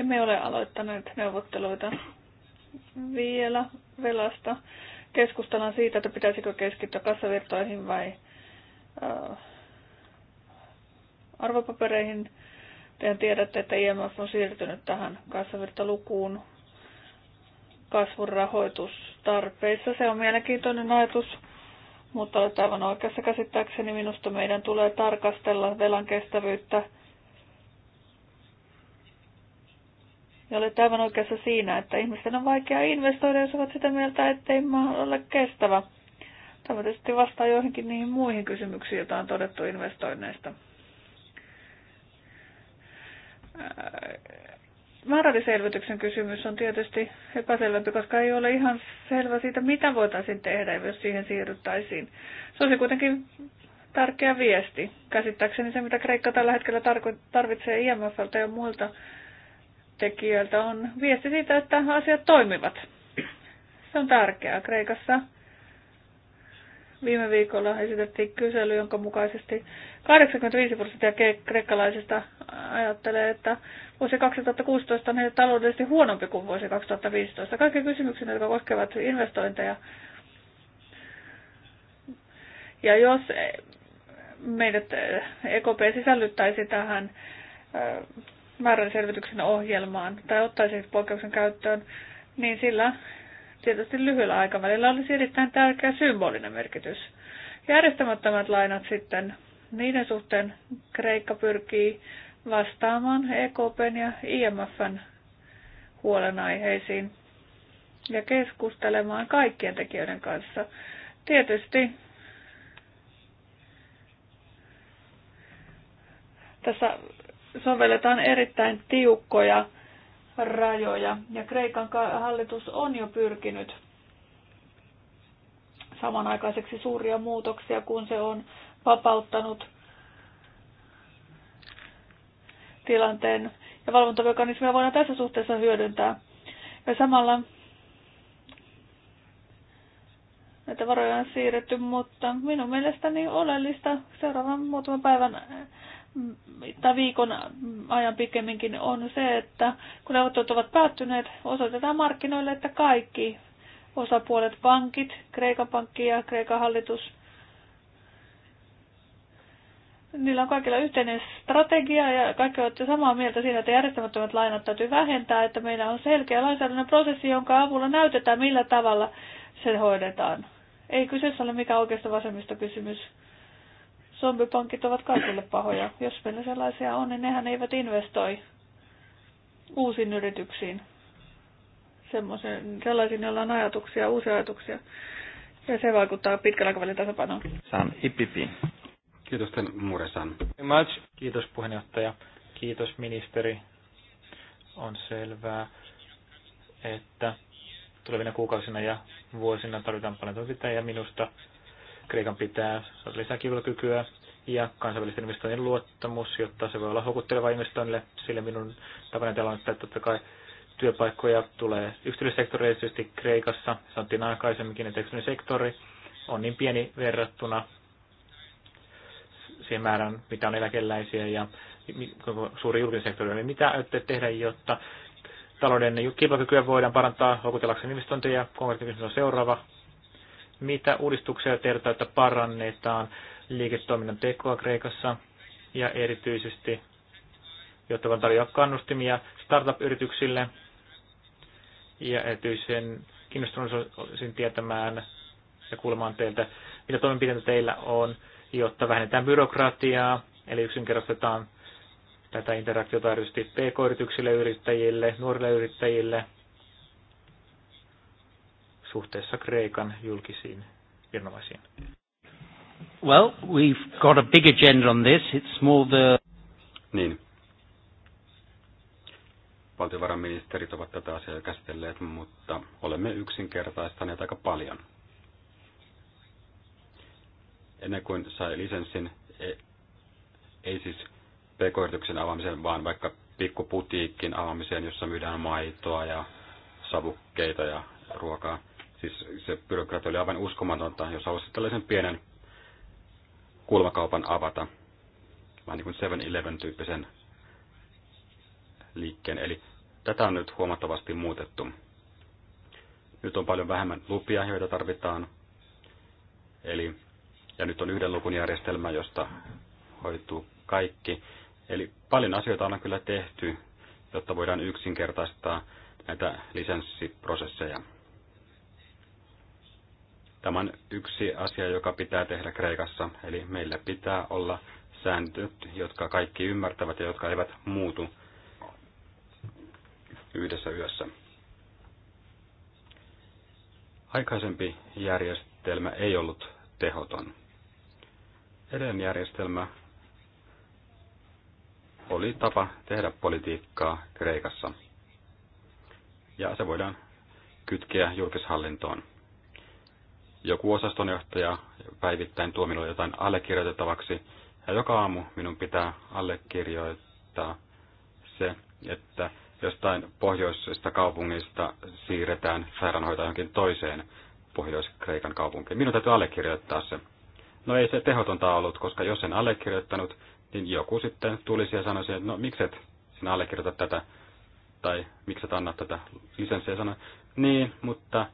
Emme ole aloittaneet neuvotteluita vielä velasta. Keskustellaan siitä, että pitäisikö keskittyä kassavirtoihin vai äh, arvopapereihin. Tehän tiedätte, että IMF on siirtynyt tähän kassavirtalukuun kasvun rahoitustarpeissa. Se on mielenkiintoinen ajatus, mutta olet aivan oikeassa käsittääkseni. Minusta meidän tulee tarkastella velan kestävyyttä Ja olet aivan oikeassa siinä, että ihmisten on vaikea investoida, jos ovat sitä mieltä, ettei maa ole kestävä. Tämä tietysti vastaa joihinkin niihin muihin kysymyksiin, joita on todettu investoinneista. Määräliselvityksen kysymys on tietysti epäselvempi, koska ei ole ihan selvä siitä, mitä voitaisiin tehdä, jos siihen siirryttäisiin. Se olisi kuitenkin tärkeä viesti. Käsittääkseni se, mitä Kreikka tällä hetkellä tarvitsee IMFltä ja muilta tekijöiltä on viesti siitä, että asiat toimivat. Se on tärkeää. Kreikassa viime viikolla esitettiin kysely, jonka mukaisesti 85 prosenttia kreikkalaisista ajattelee, että vuosi 2016 on heille taloudellisesti huonompi kuin vuosi 2015. Kaikki kysymykset, jotka koskevat investointeja. Ja jos meidät EKP eh, e sisällyttäisi tähän eh, määränselvityksen ohjelmaan tai ottaisi poikkeuksen käyttöön, niin sillä tietysti lyhyellä aikavälillä olisi erittäin tärkeä symbolinen merkitys. Järjestämättömät lainat sitten, niiden suhteen Kreikka pyrkii vastaamaan EKPn ja IMFn huolenaiheisiin ja keskustelemaan kaikkien tekijöiden kanssa. Tietysti tässä sovelletaan erittäin tiukkoja rajoja. Ja Kreikan hallitus on jo pyrkinyt samanaikaiseksi suuria muutoksia, kun se on vapauttanut tilanteen. Ja valvontamekanismia voidaan tässä suhteessa hyödyntää. Ja samalla näitä varoja on siirretty, mutta minun mielestäni oleellista seuraavan muutaman päivän tai viikon ajan pikemminkin, on se, että kun neuvottelut ovat päättyneet, osoitetaan markkinoille, että kaikki osapuolet, pankit, Kreikan pankki ja Kreikan hallitus, niillä on kaikilla yhteinen strategia ja kaikki ovat samaa mieltä siinä, että järjestämättömät lainat täytyy vähentää, että meillä on selkeä lainsäädännön prosessi, jonka avulla näytetään, millä tavalla se hoidetaan. Ei kyseessä ole mikään oikeasta vasemmista kysymys zombipankit ovat kaikille pahoja. Jos meillä sellaisia on, niin nehän eivät investoi uusiin yrityksiin. Semmoisen, sellaisiin, joilla on ajatuksia, uusia ajatuksia. Ja se vaikuttaa pitkällä aikavälin tasapainoon. San Ipipi. Kiitos tämän Muresan. Kiitos puheenjohtaja. Kiitos ministeri. On selvää, että tulevina kuukausina ja vuosina tarvitaan paljon toimintaa ja minusta Kreikan pitää saada lisää kilpailukykyä ja kansainvälisten investointien luottamus, jotta se voi olla houkutteleva investoinnille, sillä minun tapana on, että totta kai työpaikkoja tulee yksityissektorille, erityisesti Kreikassa. Sanottiin aikaisemminkin, että yksityinen sektori on niin pieni verrattuna siihen määrään, mitä on eläkeläisiä ja suuri julkinen sektori. Niin mitä aiotte tehdä, jotta talouden kilpailukykyä voidaan parantaa houkutellakseen investointeja? Konkreettisesti on seuraava mitä uudistuksia tehdään, että parannetaan liiketoiminnan tekoa Kreikassa ja erityisesti, jotta voidaan tarjoaa kannustimia startup-yrityksille ja erityisen kiinnostunut olisin tietämään ja kuulemaan teiltä, mitä toimenpiteitä teillä on, jotta vähennetään byrokratiaa, eli yksinkertaistetaan tätä interaktiota erityisesti pk-yrityksille, yrittäjille, nuorille yrittäjille – suhteessa Kreikan julkisiin viranomaisiin? Well, we've got a big agenda on this. It's more the... Niin. Valtiovarainministerit ovat tätä asiaa käsitelleet, mutta olemme yksinkertaistaneet aika paljon. Ennen kuin sai lisenssin, e- ei siis pk-yrityksen avaamiseen, vaan vaikka pikkuputiikin avaamiseen, jossa myydään maitoa ja savukkeita ja ruokaa. Siis se byrokratia oli aivan uskomatonta, jos halusi tällaisen pienen kulmakaupan avata, vaan niin kuin 7-Eleven tyyppisen liikkeen. Eli tätä on nyt huomattavasti muutettu. Nyt on paljon vähemmän lupia, joita tarvitaan. Eli, ja nyt on yhden lukun järjestelmä, josta hoituu kaikki. Eli paljon asioita on kyllä tehty, jotta voidaan yksinkertaistaa näitä lisenssiprosesseja. Tämä on yksi asia, joka pitää tehdä Kreikassa, eli meillä pitää olla sääntöt, jotka kaikki ymmärtävät ja jotka eivät muutu yhdessä yössä. Aikaisempi järjestelmä ei ollut tehoton. Edellinen järjestelmä oli tapa tehdä politiikkaa Kreikassa. Ja se voidaan kytkeä julkishallintoon joku osastonjohtaja päivittäin tuo minulle jotain allekirjoitettavaksi, ja joka aamu minun pitää allekirjoittaa se, että jostain pohjoisesta kaupungista siirretään sairaanhoitaja johonkin toiseen Pohjois-Kreikan kaupunkiin. Minun täytyy allekirjoittaa se. No ei se tehotonta ollut, koska jos en allekirjoittanut, niin joku sitten tulisi ja sanoisi, että no mikset sinä allekirjoita tätä, tai mikset annat tätä lisenssiä, sanoa. niin, mutta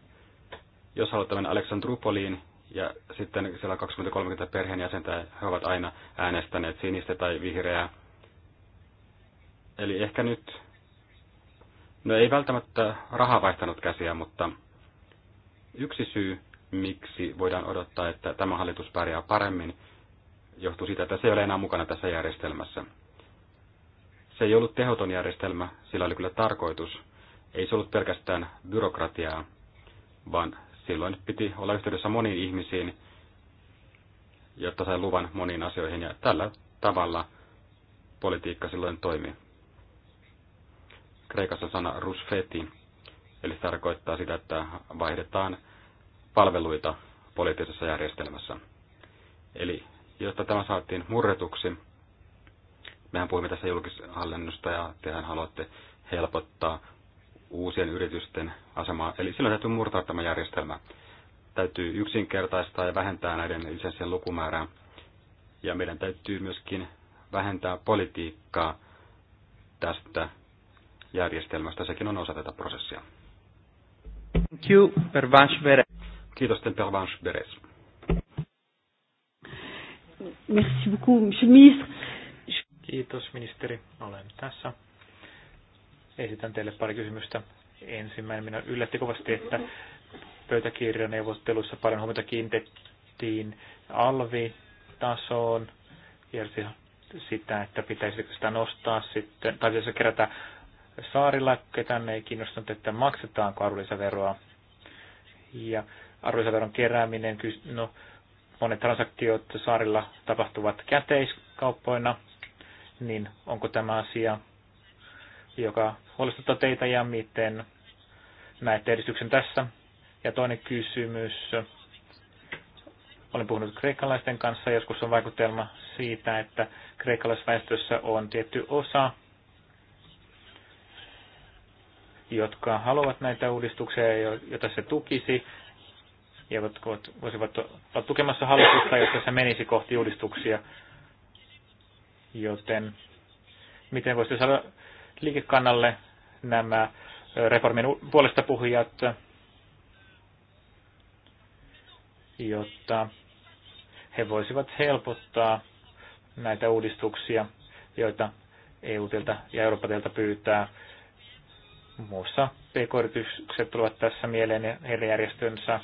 jos haluatte mennä Aleksandrupoliin ja sitten siellä on 20-30 perheenjäsentä, he ovat aina äänestäneet sinistä tai vihreää. Eli ehkä nyt, no ei välttämättä raha vaihtanut käsiä, mutta yksi syy, miksi voidaan odottaa, että tämä hallitus pärjää paremmin, johtuu siitä, että se ei ole enää mukana tässä järjestelmässä. Se ei ollut tehoton järjestelmä, sillä oli kyllä tarkoitus. Ei se ollut pelkästään byrokratiaa, vaan silloin piti olla yhteydessä moniin ihmisiin, jotta sai luvan moniin asioihin, ja tällä tavalla politiikka silloin toimi. Kreikassa sana rusfeti, eli se tarkoittaa sitä, että vaihdetaan palveluita poliittisessa järjestelmässä. Eli jotta tämä saatiin murretuksi, mehän puhumme tässä julkishallinnosta ja tehän haluatte helpottaa uusien yritysten asemaa. Eli silloin täytyy murtaa tämä järjestelmä. Täytyy yksinkertaistaa ja vähentää näiden lisenssien lukumäärää. Ja meidän täytyy myöskin vähentää politiikkaa tästä järjestelmästä. Sekin on osa tätä prosessia. Thank you, Kiitos, Pervanche Beres. Merci beaucoup, monsieur le ministre. Kiitos, ministeri. Olen tässä. Esitän teille pari kysymystä. Ensimmäinen minä yllätti kovasti, että pöytäkirjaneuvotteluissa paljon huomiota kiintettiin alvitasoon ja sitä, että pitäisikö sitä nostaa sitten, tai pitäisikö kerätä saarilla, ketään ei kiinnostanut, että maksetaanko arvonlisäveroa. Ja arvonlisäveron kerääminen, no, monet transaktiot saarilla tapahtuvat käteiskauppoina, niin onko tämä asia, joka huolestuttaa teitä ja miten näette edistyksen tässä. Ja toinen kysymys. Olen puhunut kreikkalaisten kanssa. Joskus on vaikutelma siitä, että kreikkalaisväestössä on tietty osa, jotka haluavat näitä uudistuksia, joita se tukisi, ja voisivat olla tukemassa hallitusta, jotta se menisi kohti uudistuksia. Joten miten voisitte saada liikekannalle nämä reformin puolesta puhujat, jotta he voisivat helpottaa näitä uudistuksia, joita eu ja Eurooppa-teiltä pyytää. Muussa pk-yritykset tulevat tässä mieleen ja heidän järjestönsä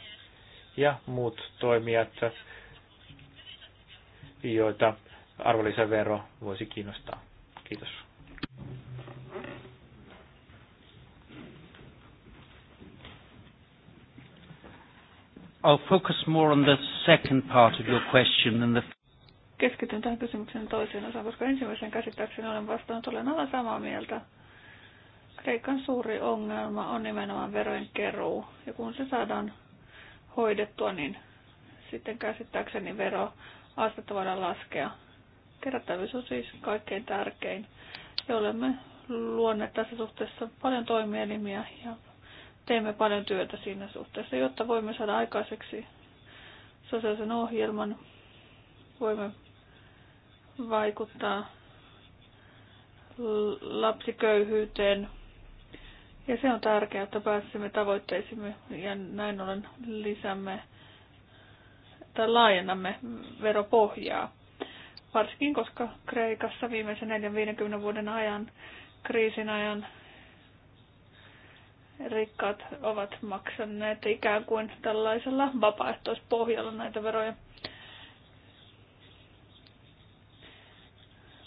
ja muut toimijat, joita arvonlisävero voisi kiinnostaa. Kiitos. I'll focus more on the second part of your question than the Keskityn tähän kysymykseen toiseen osaan, koska ensimmäisen käsittääkseni olen vastannut, olen aivan samaa mieltä. Kreikan suuri ongelma on nimenomaan verojen keruu. Ja kun se saadaan hoidettua, niin sitten käsittääkseni veroastetta voidaan laskea. Kerättävyys on siis kaikkein tärkein. Ja olemme luoneet tässä suhteessa paljon toimielimiä ja teemme paljon työtä siinä suhteessa, jotta voimme saada aikaiseksi sosiaalisen ohjelman. Voimme vaikuttaa lapsiköyhyyteen. Ja se on tärkeää, että pääsemme tavoitteisimme ja näin ollen lisäämme tai laajennamme veropohjaa. Varsinkin koska Kreikassa viimeisen 40 vuoden ajan, kriisin ajan, rikkaat ovat maksaneet ikään kuin tällaisella vapaaehtoispohjalla näitä veroja.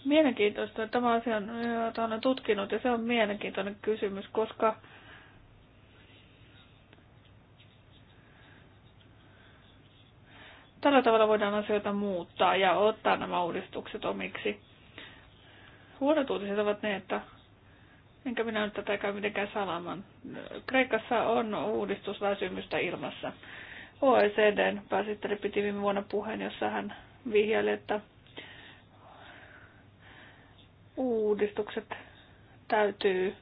Mielenkiintoista. Tämä asia on, jota olen tutkinut ja se on mielenkiintoinen kysymys, koska tällä tavalla voidaan asioita muuttaa ja ottaa nämä uudistukset omiksi. Huonot uutiset ovat ne, että enkä minä nyt tätä mitenkään salaman. Kreikassa on uudistusväsymystä ilmassa. OECDn pääsihteeri piti viime vuonna puheen, jossa hän vihjaili, että uudistukset täytyy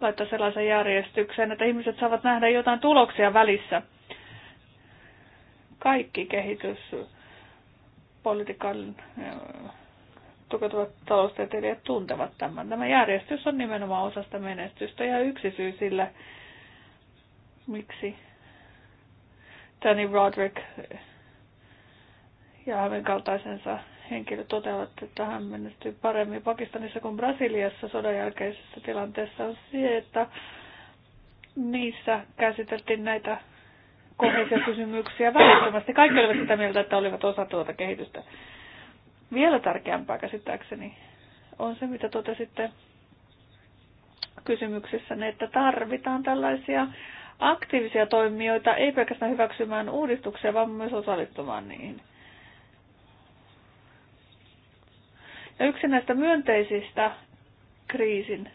laittaa sellaisen järjestykseen, että ihmiset saavat nähdä jotain tuloksia välissä. Kaikki kehitys politiikan tukeutuvat taloustieteilijät tuntevat tämän. Tämä järjestys on nimenomaan osasta menestystä ja yksi syy sillä, miksi Danny Roderick ja hänen kaltaisensa henkilö toteavat, että hän menestyy paremmin Pakistanissa kuin Brasiliassa sodan jälkeisessä tilanteessa on se, että niissä käsiteltiin näitä kohdisia kysymyksiä välittömästi. Kaikki olivat sitä mieltä, että olivat osa tuota kehitystä. Vielä tärkeämpää käsittääkseni on se, mitä totesitte kysymyksessänne, että tarvitaan tällaisia aktiivisia toimijoita, ei pelkästään hyväksymään uudistuksia, vaan myös osallistumaan niihin. Ja yksi näistä myönteisistä kriisin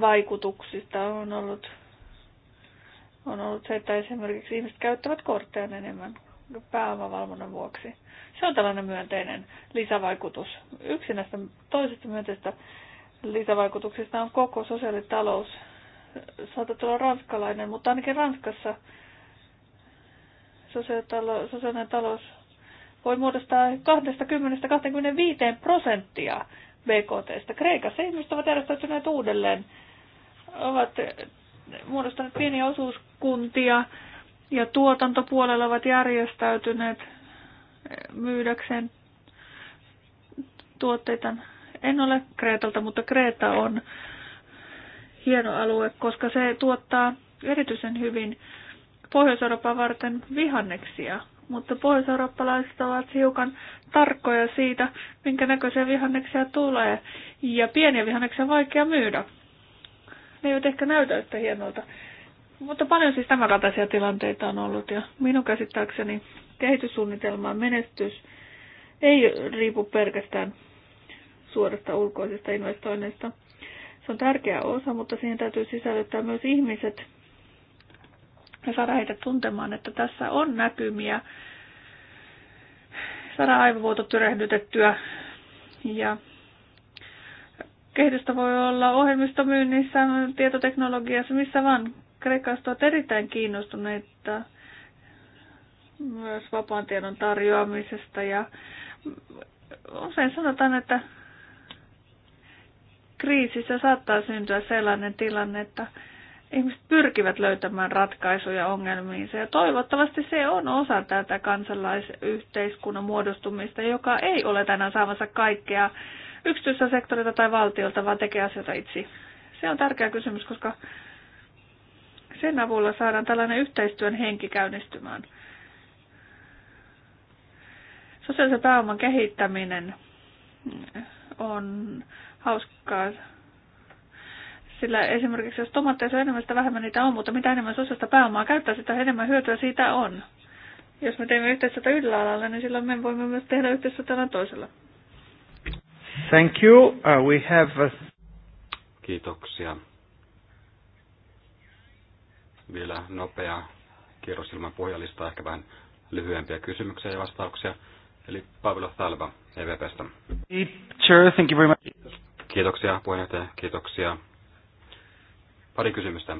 vaikutuksista on ollut, on ollut se, että esimerkiksi ihmiset käyttävät kortteja enemmän pääomavalvonnan vuoksi. Se on tällainen myönteinen lisävaikutus. Yksi näistä toisista myönteistä lisävaikutuksista on koko sosiaalitalous. Saatat olla ranskalainen, mutta ainakin Ranskassa sosiaalitalo, sosiaalinen talous voi muodostaa 20-25 prosenttia BKTstä. Kreikassa ihmiset ovat järjestäytyneet uudelleen, ovat muodostaneet pieniä osuuskuntia, ja tuotantopuolella ovat järjestäytyneet myydäkseen tuotteita. En ole Kreetalta, mutta Kreeta on hieno alue, koska se tuottaa erityisen hyvin Pohjois-Euroopan varten vihanneksia, mutta pohjois-eurooppalaiset ovat hiukan tarkkoja siitä, minkä näköisiä vihanneksia tulee, ja pieniä vihanneksia on vaikea myydä. Ne eivät ehkä näytä yhtä hienolta, mutta paljon siis tämänkaltaisia tilanteita on ollut ja minun käsittääkseni kehityssuunnitelman menestys ei riipu pelkästään suorasta ulkoisesta investoinneista. Se on tärkeä osa, mutta siihen täytyy sisällyttää myös ihmiset ja saada heitä tuntemaan, että tässä on näkymiä, saada aivovuoto tyrehdytettyä ja kehitystä voi olla ohjelmistomyynnissä, tietoteknologiassa, missä vaan Kreikasta ovat erittäin kiinnostuneita myös vapaan tiedon tarjoamisesta ja usein sanotaan, että kriisissä saattaa syntyä sellainen tilanne, että ihmiset pyrkivät löytämään ratkaisuja ongelmiinsa ja toivottavasti se on osa tätä kansalaisyhteiskunnan muodostumista, joka ei ole tänään saavansa kaikkea yksityisessä sektorilta tai valtiolta, vaan tekee asioita itse. Se on tärkeä kysymys, koska sen avulla saadaan tällainen yhteistyön henki käynnistymään. Sosiaalisen pääoman kehittäminen on hauskaa sillä esimerkiksi jos tomaatteja on enemmän, sitä vähemmän niitä on, mutta mitä enemmän sosiaalista pääomaa käyttää, sitä enemmän hyötyä siitä on. Jos me teemme yhteistyötä yhdellä alalla, niin silloin me voimme myös tehdä yhteistyötä toisella. Thank you. Uh, we have a... Kiitoksia vielä nopea kierros ilman puhujalistaa, ehkä vähän lyhyempiä kysymyksiä ja vastauksia. Eli Pavlo Salva, EVPstä. Sure, thank you very much. Kiitoksia puheenjohtaja, kiitoksia. Pari kysymystä.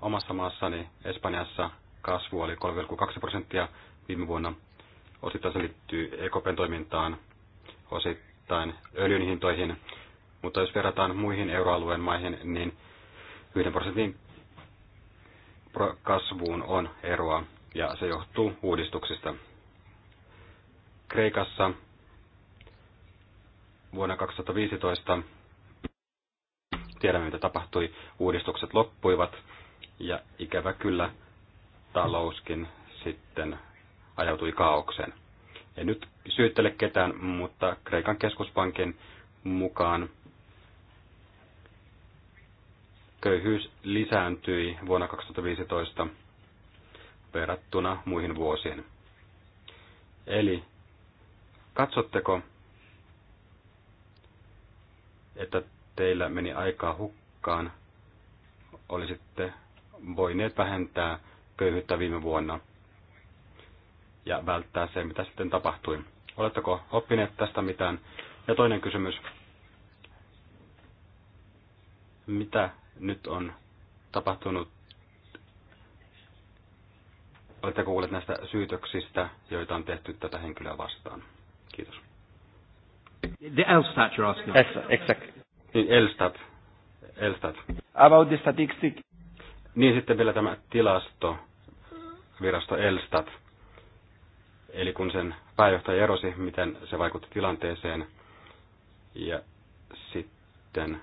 Omassa maassani Espanjassa kasvu oli 3,2 prosenttia viime vuonna. Osittain se liittyy EKPn toimintaan, osittain öljyn hintoihin, mutta jos verrataan muihin euroalueen maihin, niin 1 prosentin kasvuun on eroa ja se johtuu uudistuksista. Kreikassa vuonna 2015 tiedämme, mitä tapahtui. Uudistukset loppuivat ja ikävä kyllä talouskin sitten ajautui kaaukseen. En nyt syyttele ketään, mutta Kreikan keskuspankin mukaan Köyhyys lisääntyi vuonna 2015 verrattuna muihin vuosiin. Eli katsotteko, että teillä meni aikaa hukkaan, olisitte voineet vähentää köyhyyttä viime vuonna ja välttää se, mitä sitten tapahtui. Oletteko oppineet tästä mitään? Ja toinen kysymys. Mitä nyt on tapahtunut? Oletteko kuulleet näistä syytöksistä, joita on tehty tätä henkilöä vastaan? Kiitos. The Elstat you're asking. Yes, exactly. Niin, Elstat. Elstat. About the statistic. Niin sitten vielä tämä tilasto, virasto Elstat. Eli kun sen pääjohtaja erosi, miten se vaikutti tilanteeseen. Ja sitten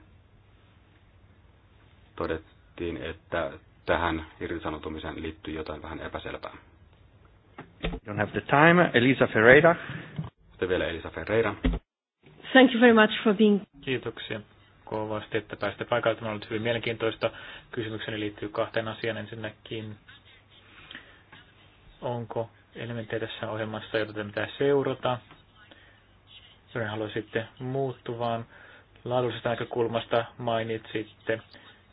todettiin, että tähän irtisanotumiseen liittyy jotain vähän epäselvää. Don't have the time. Elisa Ferreira. Sitten vielä Elisa Ferreira. Thank you very much for being... Kiitoksia kovasti, että pääsitte paikalle. Tämä oli hyvin mielenkiintoista. Kysymykseni liittyy kahteen asiaan. Ensinnäkin, onko elementtejä tässä ohjelmassa, joita te pitää seurata? Joiden haluaisitte muuttuvaan laadullisesta näkökulmasta mainitsitte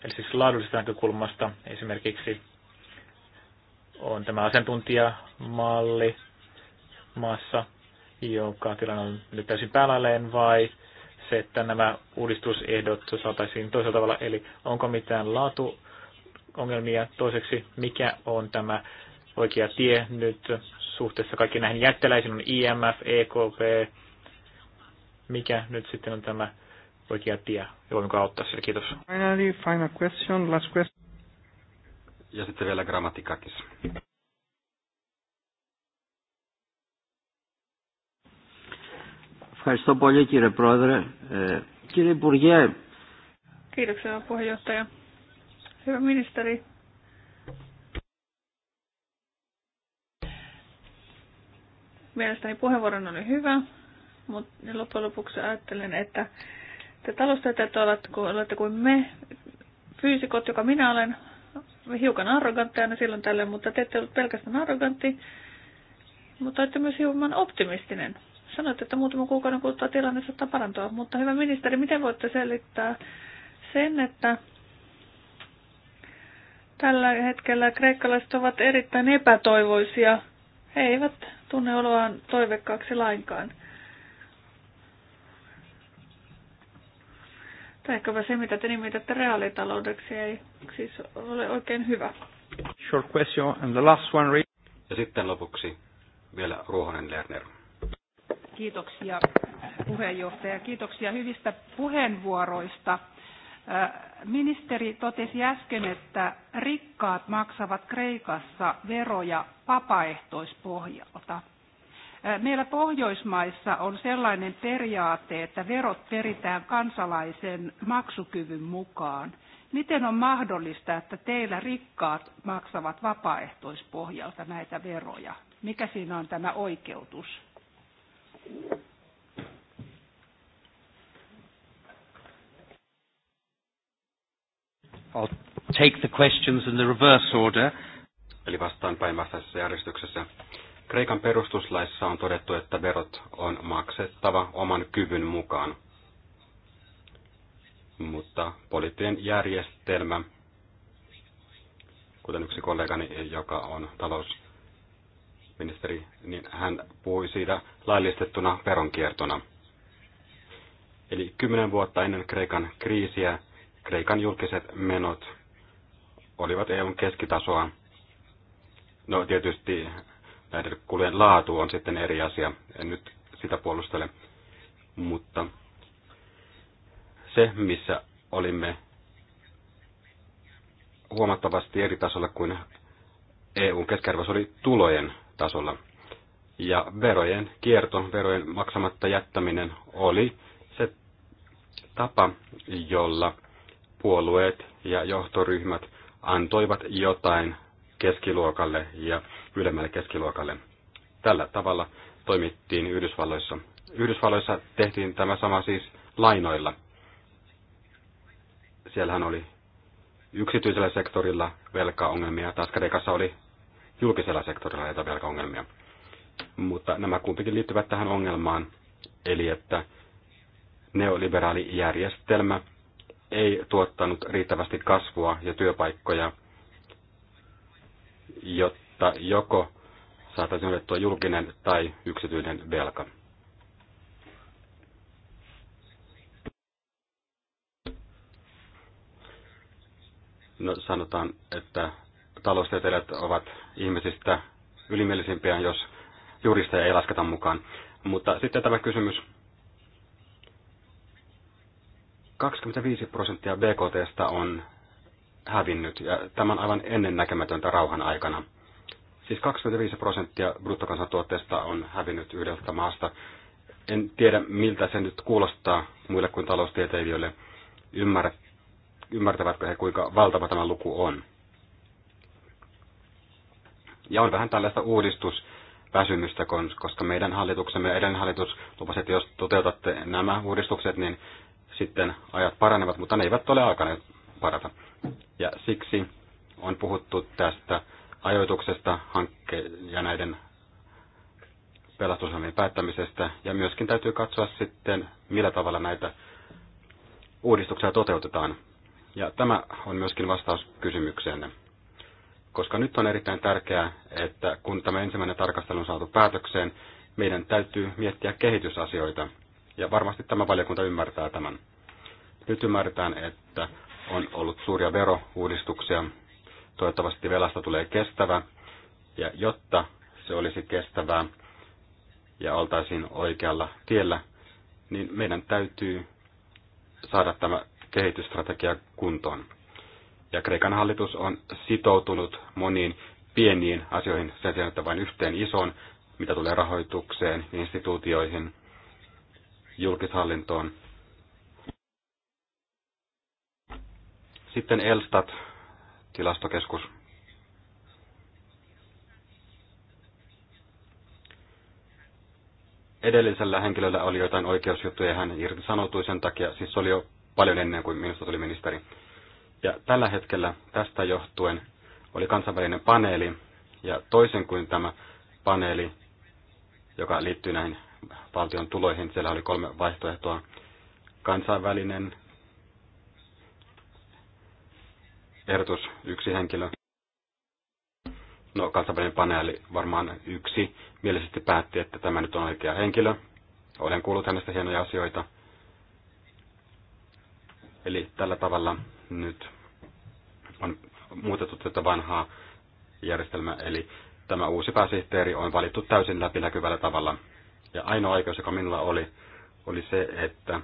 Eli siis laadullisesta näkökulmasta esimerkiksi on tämä asiantuntijamalli maassa, jonka tilanne on nyt täysin päälleen, vai se, että nämä uudistusehdot saataisiin toisella tavalla, eli onko mitään laatuongelmia, toiseksi mikä on tämä oikea tie nyt suhteessa kaikkiin näihin jättiläisiin on IMF, EKP, mikä nyt sitten on tämä oikea tie ja voimmeko auttaa siellä. Kiitos. Finally, final question, last question. Ja sitten vielä grammatikakis. Ευχαριστώ πολύ κύριε Πρόεδρε. Ε, κύριε Υπουργέ. Kiitoksia puheenjohtaja. Hyvä ministeri. Mielestäni puheenvuoron oli hyvä, mutta loppujen lopuksi ajattelen, että te taloustieteilijät olette kuin me, fyysikot, joka minä olen, hiukan arrogantti aina silloin tällöin, mutta te ette ole pelkästään arrogantti, mutta olette myös hieman optimistinen. Sanoitte, että muutama kuukauden kuluttua tilanne saattaa parantua, mutta hyvä ministeri, miten voitte selittää sen, että tällä hetkellä kreikkalaiset ovat erittäin epätoivoisia. He eivät tunne oloaan toivekkaaksi lainkaan. Ehkäpä se, mitä te nimitätte reaalitaloudeksi, ei siis ole oikein hyvä. Short question and the last one. Ja sitten lopuksi vielä Ruohonen Lerner. Kiitoksia puheenjohtaja. Kiitoksia hyvistä puheenvuoroista. Ministeri totesi äsken, että rikkaat maksavat Kreikassa veroja vapaaehtoispohjalta. Meillä Pohjoismaissa on sellainen periaate, että verot peritään kansalaisen maksukyvyn mukaan. Miten on mahdollista, että teillä rikkaat maksavat vapaaehtoispohjalta näitä veroja? Mikä siinä on tämä oikeutus? I'll take the questions in the reverse order. Eli vastaan päinvastaisessa järjestyksessä. Kreikan perustuslaissa on todettu, että verot on maksettava oman kyvyn mukaan. Mutta poliittinen järjestelmä, kuten yksi kollegani, joka on talousministeri, niin hän puhui siitä laillistettuna veronkiertona. Eli kymmenen vuotta ennen Kreikan kriisiä Kreikan julkiset menot olivat EUn keskitasoa. No tietysti näiden kulujen laatu on sitten eri asia. En nyt sitä puolustele, mutta se, missä olimme huomattavasti eri tasolla kuin EUn keskiarvo, oli tulojen tasolla. Ja verojen kierto, verojen maksamatta jättäminen oli se tapa, jolla puolueet ja johtoryhmät antoivat jotain keskiluokalle ja ylemmälle keskiluokalle. Tällä tavalla toimittiin Yhdysvalloissa. Yhdysvalloissa tehtiin tämä sama siis lainoilla. Siellähän oli yksityisellä sektorilla velkaongelmia, taas Kreikassa oli julkisella sektorilla näitä velkaongelmia. Mutta nämä kumpikin liittyvät tähän ongelmaan, eli että neoliberaali järjestelmä ei tuottanut riittävästi kasvua ja työpaikkoja, jotta jotta joko saataisiin otettua julkinen tai yksityinen velka. No, sanotaan, että taloustieteilijät ovat ihmisistä ylimielisimpiä, jos juristeja ei lasketa mukaan. Mutta sitten tämä kysymys. 25 prosenttia BKTstä on hävinnyt, ja tämä on aivan ennennäkemätöntä rauhan aikana – Siis 25 prosenttia bruttokansantuotteesta on hävinnyt yhdeltä maasta. En tiedä, miltä se nyt kuulostaa muille kuin taloustieteilijöille. ymmärtävätkö he, kuinka valtava tämä luku on. Ja on vähän tällaista väsymystä, koska meidän hallituksemme ja edellinen hallitus lupasi, että jos toteutatte nämä uudistukset, niin sitten ajat paranevat, mutta ne eivät ole alkaneet parata. Ja siksi on puhuttu tästä ajoituksesta hankke- ja näiden pelastusohjelmien päättämisestä. Ja myöskin täytyy katsoa sitten, millä tavalla näitä uudistuksia toteutetaan. Ja tämä on myöskin vastaus kysymykseenne. Koska nyt on erittäin tärkeää, että kun tämä ensimmäinen tarkastelu on saatu päätökseen, meidän täytyy miettiä kehitysasioita. Ja varmasti tämä valiokunta ymmärtää tämän. Nyt ymmärretään, että on ollut suuria verouudistuksia Toivottavasti velasta tulee kestävä. Ja jotta se olisi kestävää ja oltaisiin oikealla tiellä, niin meidän täytyy saada tämä kehitysstrategia kuntoon. Ja Kreikan hallitus on sitoutunut moniin pieniin asioihin sen sijaan, että vain yhteen isoon, mitä tulee rahoitukseen, instituutioihin, julkishallintoon. Sitten Elstat tilastokeskus. Edellisellä henkilöllä oli jotain oikeusjuttuja ja hän irtisanoutui sen takia, siis se oli jo paljon ennen kuin minusta tuli ministeri. Ja tällä hetkellä tästä johtuen oli kansainvälinen paneeli ja toisen kuin tämä paneeli, joka liittyy näihin valtion tuloihin, siellä oli kolme vaihtoehtoa. Kansainvälinen ehdotus yksi henkilö. No, kansainvälinen paneeli varmaan yksi mielisesti päätti, että tämä nyt on oikea henkilö. Olen kuullut hänestä hienoja asioita. Eli tällä tavalla nyt on muutettu tätä vanhaa järjestelmää, eli tämä uusi pääsihteeri on valittu täysin läpinäkyvällä tavalla. Ja ainoa oikeus, joka minulla oli, oli se, että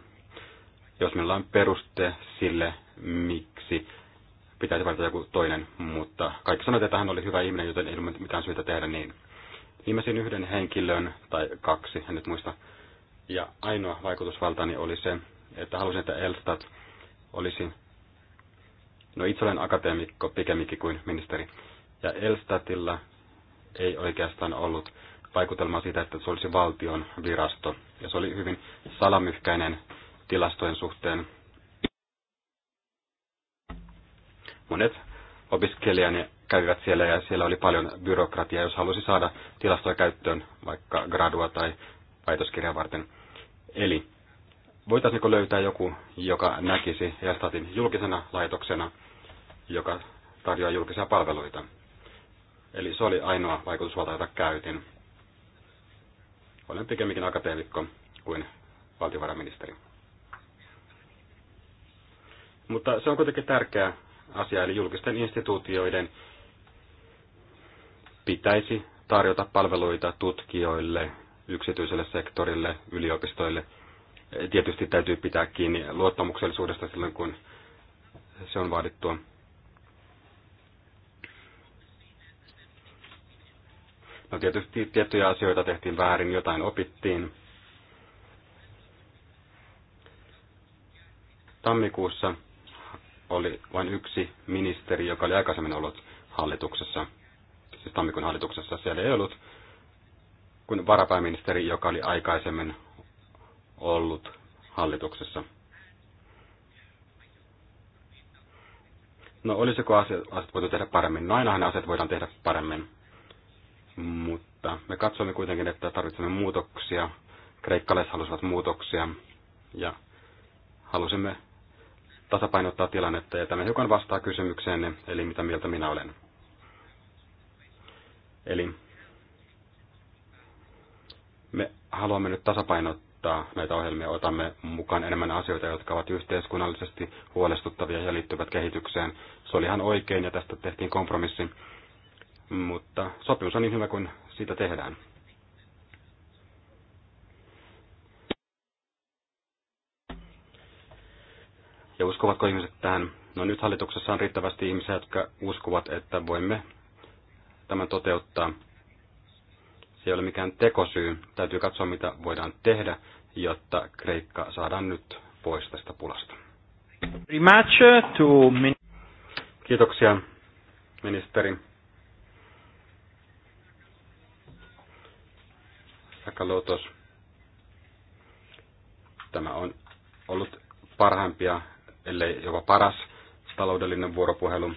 jos minulla on peruste sille, miksi pitäisi valita joku toinen, mutta kaikki sanoivat, että hän oli hyvä ihminen, joten ei ollut mitään syytä tehdä niin. Nimesin yhden henkilön, tai kaksi, en nyt muista, ja ainoa vaikutusvaltani oli se, että halusin, että Elstad olisi, no itse olen akateemikko pikemminkin kuin ministeri, ja Elstadilla ei oikeastaan ollut vaikutelmaa siitä, että se olisi valtion virasto, ja se oli hyvin salamyhkäinen tilastojen suhteen, Monet opiskelijani kävivät siellä ja siellä oli paljon byrokratiaa, jos halusi saada tilastoja käyttöön vaikka gradua tai väitöskirjaa varten. Eli voitaisiinko löytää joku, joka näkisi Helstatin julkisena laitoksena, joka tarjoaa julkisia palveluita. Eli se oli ainoa vaikutusvalta, jota käytin. Olen pikemminkin akateemikko kuin valtiovarainministeri. Mutta se on kuitenkin tärkeää, asia, eli julkisten instituutioiden pitäisi tarjota palveluita tutkijoille, yksityiselle sektorille, yliopistoille. Tietysti täytyy pitää kiinni luottamuksellisuudesta silloin, kun se on vaadittua. No tietysti tiettyjä asioita tehtiin väärin, jotain opittiin. Tammikuussa oli vain yksi ministeri, joka oli aikaisemmin ollut hallituksessa, siis tammikuun hallituksessa. Siellä ei ollut kuin varapääministeri, joka oli aikaisemmin ollut hallituksessa. No olisiko asiat, asiat voitu tehdä paremmin? No ainahan asiat voidaan tehdä paremmin. Mutta me katsomme kuitenkin, että tarvitsemme muutoksia. Kreikkalaiset halusivat muutoksia ja halusimme tasapainottaa tilannetta, ja tämä hiukan vastaa kysymykseenne, eli mitä mieltä minä olen. Eli me haluamme nyt tasapainottaa näitä ohjelmia, otamme mukaan enemmän asioita, jotka ovat yhteiskunnallisesti huolestuttavia ja liittyvät kehitykseen. Se oli ihan oikein ja tästä tehtiin kompromissi, mutta sopimus on niin hyvä kuin siitä tehdään. Ja uskovatko ihmiset tähän? No nyt hallituksessa on riittävästi ihmisiä, jotka uskovat, että voimme tämän toteuttaa. Se ei ole mikään tekosyy. Täytyy katsoa, mitä voidaan tehdä, jotta Kreikka saadaan nyt pois tästä pulasta. Uh, Kiitoksia, ministeri. Sakalotos. Tämä on ollut parhaimpia ellei jopa paras taloudellinen vuoropuhelu.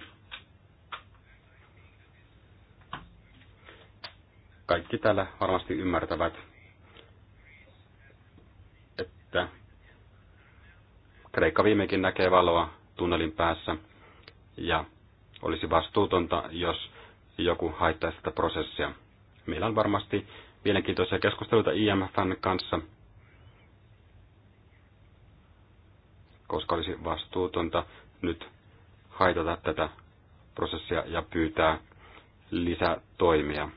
Kaikki täällä varmasti ymmärtävät, että Kreikka viimekin näkee valoa tunnelin päässä ja olisi vastuutonta, jos joku haittaisi tätä prosessia. Meillä on varmasti mielenkiintoisia keskusteluita IMFn kanssa – koska olisi vastuutonta nyt haitata tätä prosessia ja pyytää lisätoimia.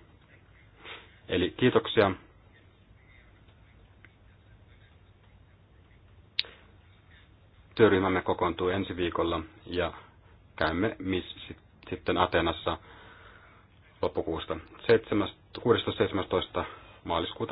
Eli kiitoksia. Työryhmämme kokoontuu ensi viikolla ja käymme miss, sitten Atenassa loppukuusta 7, 16.17. maaliskuuta.